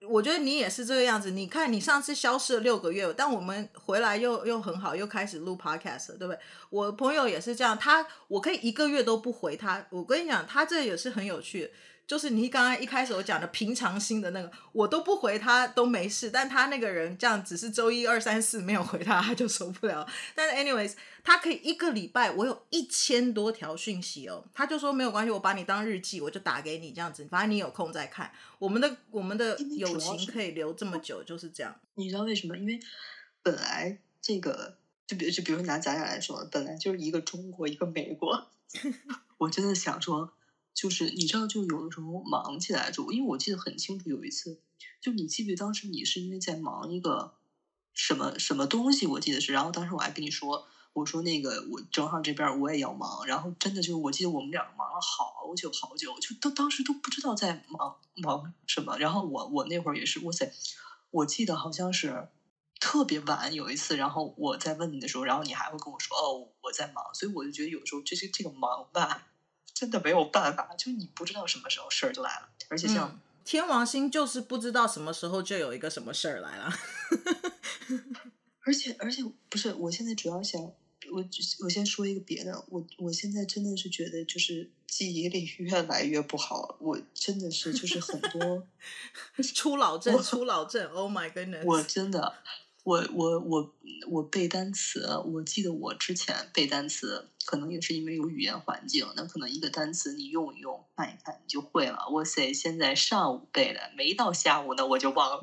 A: 我覺得你也是這個樣子。你看你上次消失了六個月，但我們回來又又很好，又開始錄 podcast 了，對不對？我朋友也是這樣，他我可以一個月都不回他，我跟你講，他這也是很有趣的。就是你剛剛一開始我講的平常心的那個，我都不回他都沒事，但他那個人這樣，只是周一、二、三、四沒有回他，他就受不了。但是，anyways，他可以一個禮拜，我有一千多條訊息哦，他就說沒有關係，我把你當日記，我就打給你這樣子，反正你有空再看。我們的我們的友情可以留這麼久，就是這
B: 樣，因為主要是。你知道為什麼？因為本來這個，就比如就比如拿咱倆來說，本來就是一個中國一個美國，我真的想說。 <laughs> 就是你知道，就有的時候忙起來就，因為我記得很清楚，有一次，就你記不記得當時你是因為在忙一個什麼什麼東西？我記得是，然後當時我還跟你說，我說那個我正好這邊我也要忙，然後真的就我記得我們倆忙了好久好久，就都當時都不知道在忙忙什麼。然後我我那會兒也是，哇塞，我記得好像是特別晚有一次，然後我在問你的時候，然後你還會跟我說哦我在忙，所以我就覺得有時候這些這個忙吧。真的沒有辦法，就你不知道什麼時候事兒就來了，而且像、嗯、天
A: 王星，就是不知道什麼時候就有一個什麼事兒來了。
B: <laughs> 而且而且不是，我現在主要想，我我先說一個別的，我我現在真的是覺得就是記憶力越來越不好，我真的是就是很多
A: 初 <laughs> 老症症初我老症，Oh my goodness，我
B: 真的。我我我我背單詞，我記得我之前背單詞，可能也是因為有語言環境，那可能一個單詞你用一用、看一看，你就會了。哇塞！現在上午背的，沒到下午呢我就忘了，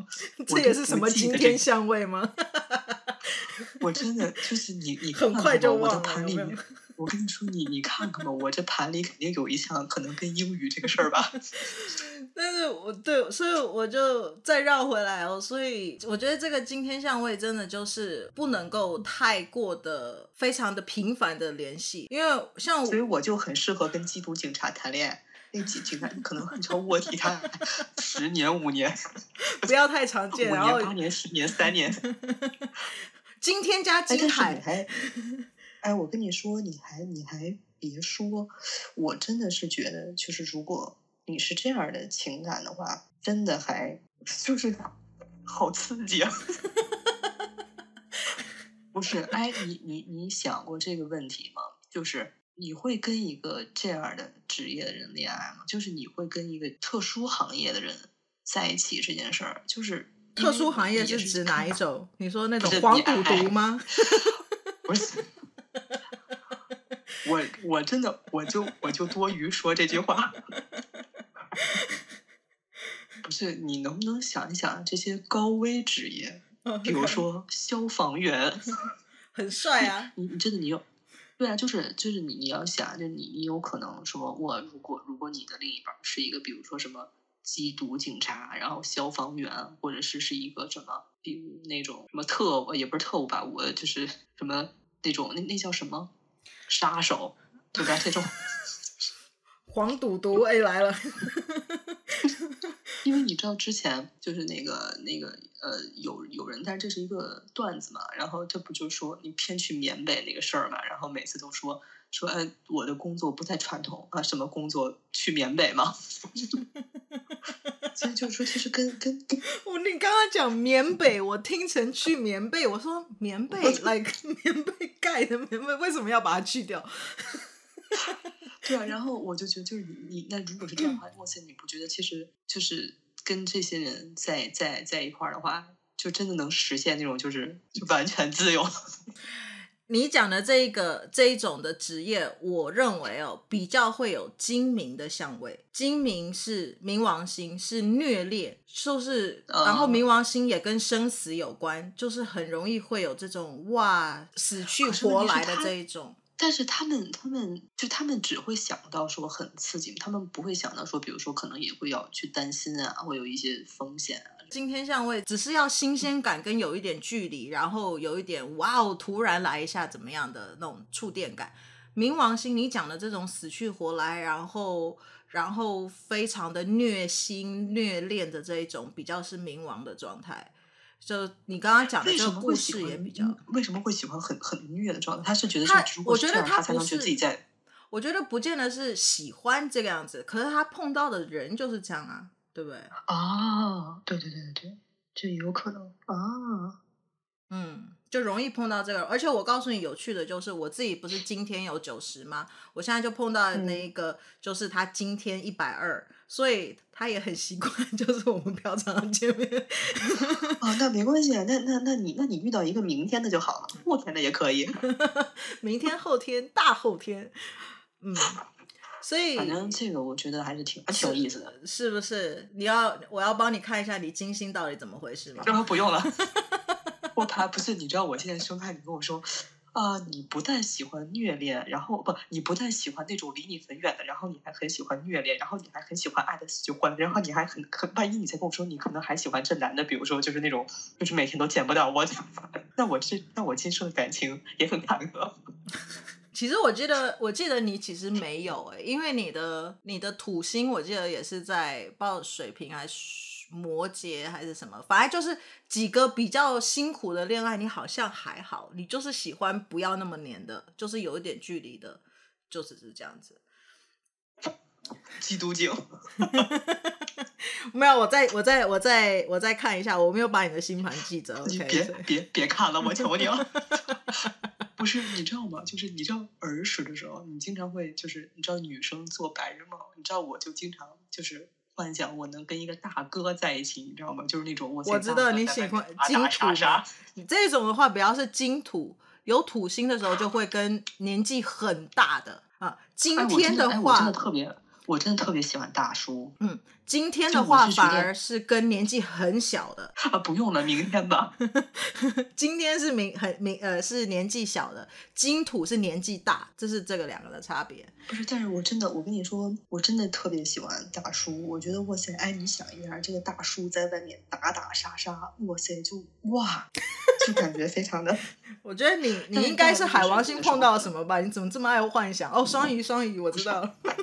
B: 這，這也是什麼金天相位嗎？我，這個、我真的就是你，你很快就忘了。我跟你說，你，你你看看吧，我這盤裡肯定有一項可能跟英語這個事兒吧。 <laughs> 但是我對，所以
A: 我就再繞回來哦。所以我覺得這個金天相位真的就是不能夠太過的非常的頻繁的聯繫，因為
B: 像我所以我就很適合跟緝毒警察談戀愛，那緝毒警察可能很招臥底，他 <laughs> 十年五年
A: <laughs> 不要太常見，五年、然後八
B: 年、十年、三年，
A: 金 <laughs> 天加金海。
B: 哎哎，我跟你說，你還你還別說，我真的是覺得，就是如果你是這樣的情感的話，真的還就是好刺激啊！ <laughs> 不是？ <laughs> 哎，你你你想過這個問題嗎？就是你會跟一個這樣的職業的人戀愛嗎？就是你會跟一個特殊行業的人在一起這件事兒？就是，是特殊行業是指哪一種？
A: 你說那種黃賭毒
B: 嗎？不是。哎 <laughs> <laughs> 我我真的我就我就多餘說這句話， <laughs> 不是你能不能想一想這些高危職業，比如說消防員， <laughs> 很帥啊！你你真的你有，對啊，就是就是你你要想，就你你有可能說我如果如果你的另一半是一個，比如說什麼緝毒警察，然後消防員，或者是是一個什麼，比如那種什麼特務，也不是特務吧，我就是什麼那種那那叫什麼？殺手對吧？這種 <laughs> 黃賭毒、哎、來了， <laughs> <laughs> 因為你知道之前就是那個那個呃，有有人，但是這是一個段子嘛。然後這不就說你偏去緬北那個事兒嘛？然後每次都說說、哎，我的工作不太傳統啊，什麼工作？去緬北嗎？ <laughs> 所以 <laughs> 就是說，其
A: 實跟跟我，跟 <laughs> 你剛剛講棉被，我聽成去棉被，我說棉被，
B: 來個、 <laughs> like, 棉被蓋的棉被，為什麼要把它去掉？ <laughs> <laughs> 對啊，然後我就覺得，就是你，那如果是這樣的話，哇塞，你不覺得，其實就是跟這些人在在在一塊兒的話，就真的能實現那種就是就完全自由。 <laughs>
A: 你講的這一個這一種的職業，我認為哦，比較會有金冥的相位。金冥是冥王星，是虐戀，就是，是、嗯、然後冥王星也跟生死有關，就是很容易會有這種
B: 哇死去活來的這一種。哦、是是，但是他們他們就他們只會想到說很刺激，他們不會想到說，比如說可能也會要去擔心啊，會有一些風險啊。
A: 今天相位只是要新鮮感跟有一點距離，然後有一點哇哦，突然來一下怎麼樣的那種觸電感。冥王星，你講的這種死去活來，然後然後非常的虐心虐戀的這一種，比較是冥王的狀態。就你剛剛講的這個故事
B: 也比較，為什，為什麼會喜歡很很虐的狀態？他是覺得是，他是我覺得他不是，
A: 我覺得不見得是喜歡這個樣子，可是他碰到的人就是這樣啊。
B: 對不對？啊、哦，對對對對對，就有可能啊，哦、嗯，就容易
A: 碰到這個。而且我告訴你，有趣的就是我自己，不是今天有九十嗎？我現在就碰到那一個，就是他今天一百二，所以他也很習慣，
B: 就是我們平常見面啊，那、 <laughs> 哦、沒關係，那那那你那你遇到一個明天的就好了，後天的也可以， <laughs> 明天、後天、 <laughs> 大後天，嗯。
A: 所以，反正這個我覺得還是挺，挺有意思的是，是不是？你要，我要幫你
B: 看一下你金星到底怎麼回事嗎？然後不用了， <laughs> 我怕不是。你知道我現在生怕你跟我說啊、呃，你不但喜歡虐戀，然後不，你不但喜歡那種離你很遠的，然後你還很喜歡虐戀，然後你還很喜歡愛的死去活來，然後你還很很，萬一你再跟我說你可能還喜歡這男的，比如說就是那種就是每天都見不到我，那 <laughs> 我是那我接受的感情也很坎坷。
A: 其實我記得，我記得你其實沒有哎，因為你的你的土星我記得也是在報水瓶還是摩羯還是什麼，反正就是幾個比較辛苦的戀愛，你好像還好，你就是喜歡不要那麼黏的，就是有一點距離的，就只是這樣子。
B: 基督教
A: <laughs> <laughs> 沒有，我再我再我再我再看一下，我沒有把你的星盤記着。Okay, 別以別
B: 別看了，我求你了。 <laughs> 不是，你知道嗎？就是你知道兒時的時候，你經常會就是你知道女生做白日夢，你知道我就經常就是幻想我能跟一個大哥在一起，你知道嗎？就是那種我我知道你喜歡金土，你
A: 這種的話比較是金土，有土星的時候就會跟年紀很大的啊。今天的話。哎我真的特別喜歡大叔。嗯，今天的話反而是跟年紀很小的
B: 啊，不用了，明天吧。
A: <laughs> 今天是明很明，呃是年紀小的，金土是年紀大，這是這個兩個的差別。不
B: 是，但是我真的，我跟你說，我真的特別喜歡大叔。我覺得，哇塞，哎，你想一下，這個大叔在外面打打殺殺，哇塞就，就哇， <laughs> 就感覺非常的。
A: <laughs> 我覺得你你應該是海王星碰到了什麼吧？你怎麼這麼愛幻想？哦，雙魚，雙魚，我知道
B: 了。 <laughs>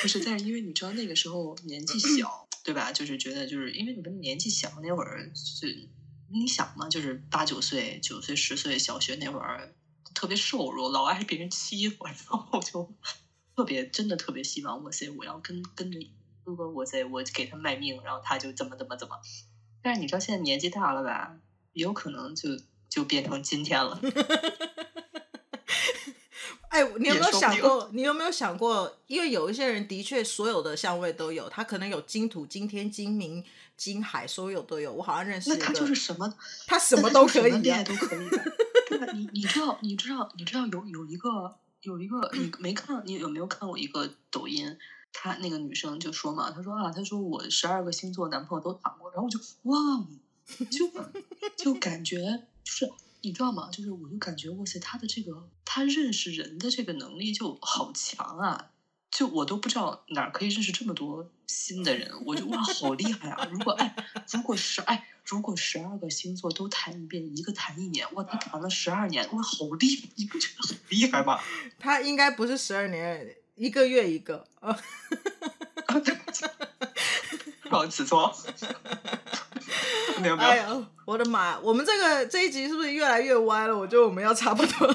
B: 不是，但是因為你知道那個時候年紀小，對吧？就是覺得就是因為你們年紀小，那會兒是你想嘛，就是八九歲、九歲、十歲，小學那會兒特別瘦弱，老挨別人欺負，然後我就特別真的特別希望我塞，在我要跟跟着哥哥，如果我塞，我給他賣命，然後他就怎麼怎麼怎麼。但是你知道現在年紀大了吧？也有可能就就變成今天了。 <laughs> 哎，你有沒有想過？有
A: 你有沒有想過？因為有一些人的確所有的相位都有，他可能有金土、金天、金冥、金海，所有都有。我好像認識。那他就是什麼？他什麼都可以，戀愛都可以的 <laughs> 對吧？
B: 你你知道？你知道？你知道？有有一個，有一個，你沒看？你有沒有看過一個抖音？他那個女生就說嘛：“她說啊，她說我十二個星座男朋友都談過。”然後我就哇，就就感覺就是。 <laughs> 你知道嗎？就是我就感覺哇塞，他的這個他認識人的這個能力就好強啊！就我都不知道哪兒可以認識這麼多新的人，我就哇好厲害啊！如果哎，如果十哎，如果十二、哎、個星座都談一遍，一個談一年，哇，他談了十二年，哇，好厲害，你不覺得很厲害嗎？他應該不是十二年，
A: 一個月一個，哦 <laughs> 啊、對
B: 不起，不好意思錯，沒有，沒有、
A: 哎我的媽！我們這個這一集是不是越來越歪了？我覺得我們要差不多。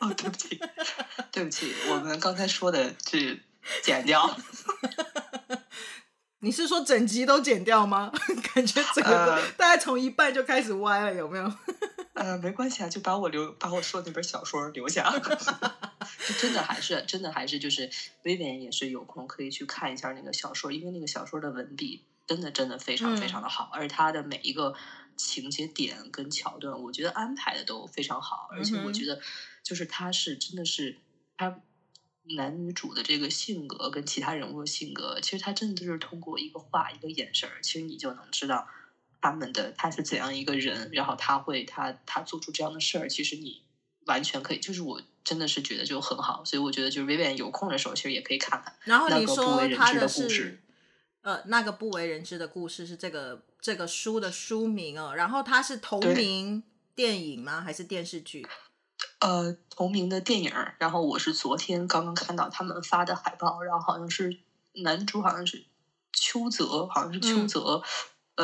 A: 哦，對不起， <laughs> 對不起，我們剛才說的
B: 是剪掉。
A: <laughs> 你是說整集都剪掉
B: 嗎？感覺這個大概從一半就開始歪了，呃、有沒有？ <laughs> 呃、沒關係啊，就把我留，把我說的那本小說留下。 <laughs> <laughs> 就真的還是真的還是就是 Vivian 也是有空可以去看一下那個小說，因為那個小說的文筆真的真的非常非常的好，嗯、而且他的每一個。情節點跟橋段，我覺得安排的都非常好，而且我覺得就是他是真的是他男女主的這個性格跟其他人物的性格，其實他真的就是通過一個話、一個眼神兒，其實你就能知道他們的他是怎樣一個人，然後他會他他做出這樣的事兒，其實你完全可以，就是我真的是覺得就很好，所以我覺得就是 Vivian 有空的時候其實也可以看看。然後你說那個不為人知的故事，
A: 呃，那個不為人知的故事是這個。這個書的書名哦，然後它是同名電影嗎？對還是
B: 電視劇？呃，同名的電影。然後我是昨天剛剛看到他們發的海報，然後好像是男主好像是邱澤，好像是邱澤、嗯、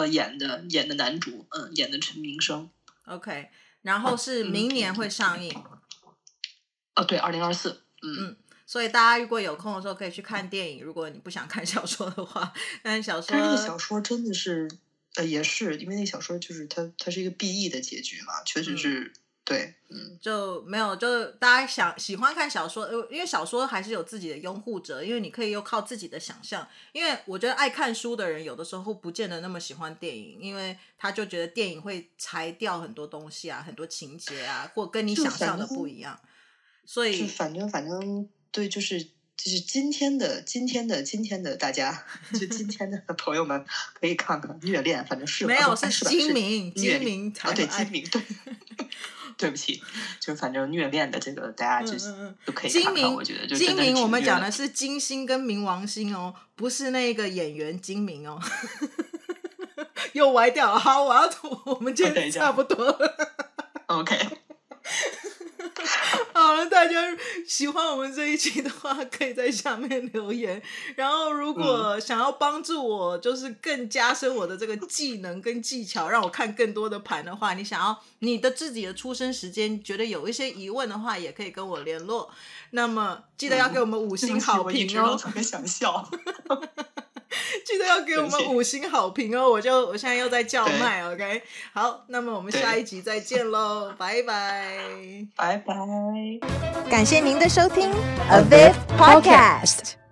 B: 呃演的演的男主，嗯、呃，演的陳明生。OK，然後是
A: 明年會上映。嗯嗯
B: 嗯嗯、哦，對，二零二四。嗯嗯，
A: 所以大家如果有空的時候可以去看電影。如果你不想看小說的話，但是小說，但是小
B: 說真的是。呃，也是，因為那小說就是它，它是一個 BE 的結局嘛，確實是，嗯、對，
A: 嗯，就沒有，就大家想喜歡看小說，因為因為小說還是有自己的擁護者，因為你可以又靠自己的想象，因為我覺得愛看書的人有的時候不見得那麼喜歡電影，因為他就覺得電影會裁掉很多東西啊，很多情節
B: 啊，或跟你想象的不一樣，所以反正反正對，就是。就是今天的今天的今天的大家，就今天的朋友們可以看看虐戀，反正是沒有、啊、是金冥，金冥才對金冥對，對， <laughs> 對不起，就是反正虐戀的這個大家就都可以看看，嗯、我覺得就金冥我們講的
A: 是金星跟冥王星哦，不是那個演員金明哦， <laughs> 又歪掉了，好我要、啊、吐，我們今天差不多了、哦、，OK。 <laughs> 好了，大家喜歡我們這一期的話，可以在下面留言。然後，如果想要幫助我，就是更加深我的這個技能跟技巧，讓我看更多的盤的話，你想要你的自己的出生時間，覺得有一些疑問的話，也可以跟我聯絡。那麼，記得要給我們五星好評哦。特別想笑。記得要給我們五星好評哦！我就我現在又在叫賣對，OK。好，那麼我們下一集再見嘍，對拜拜，
B: 拜拜，感謝您的收聽，avivPodcast。Podcast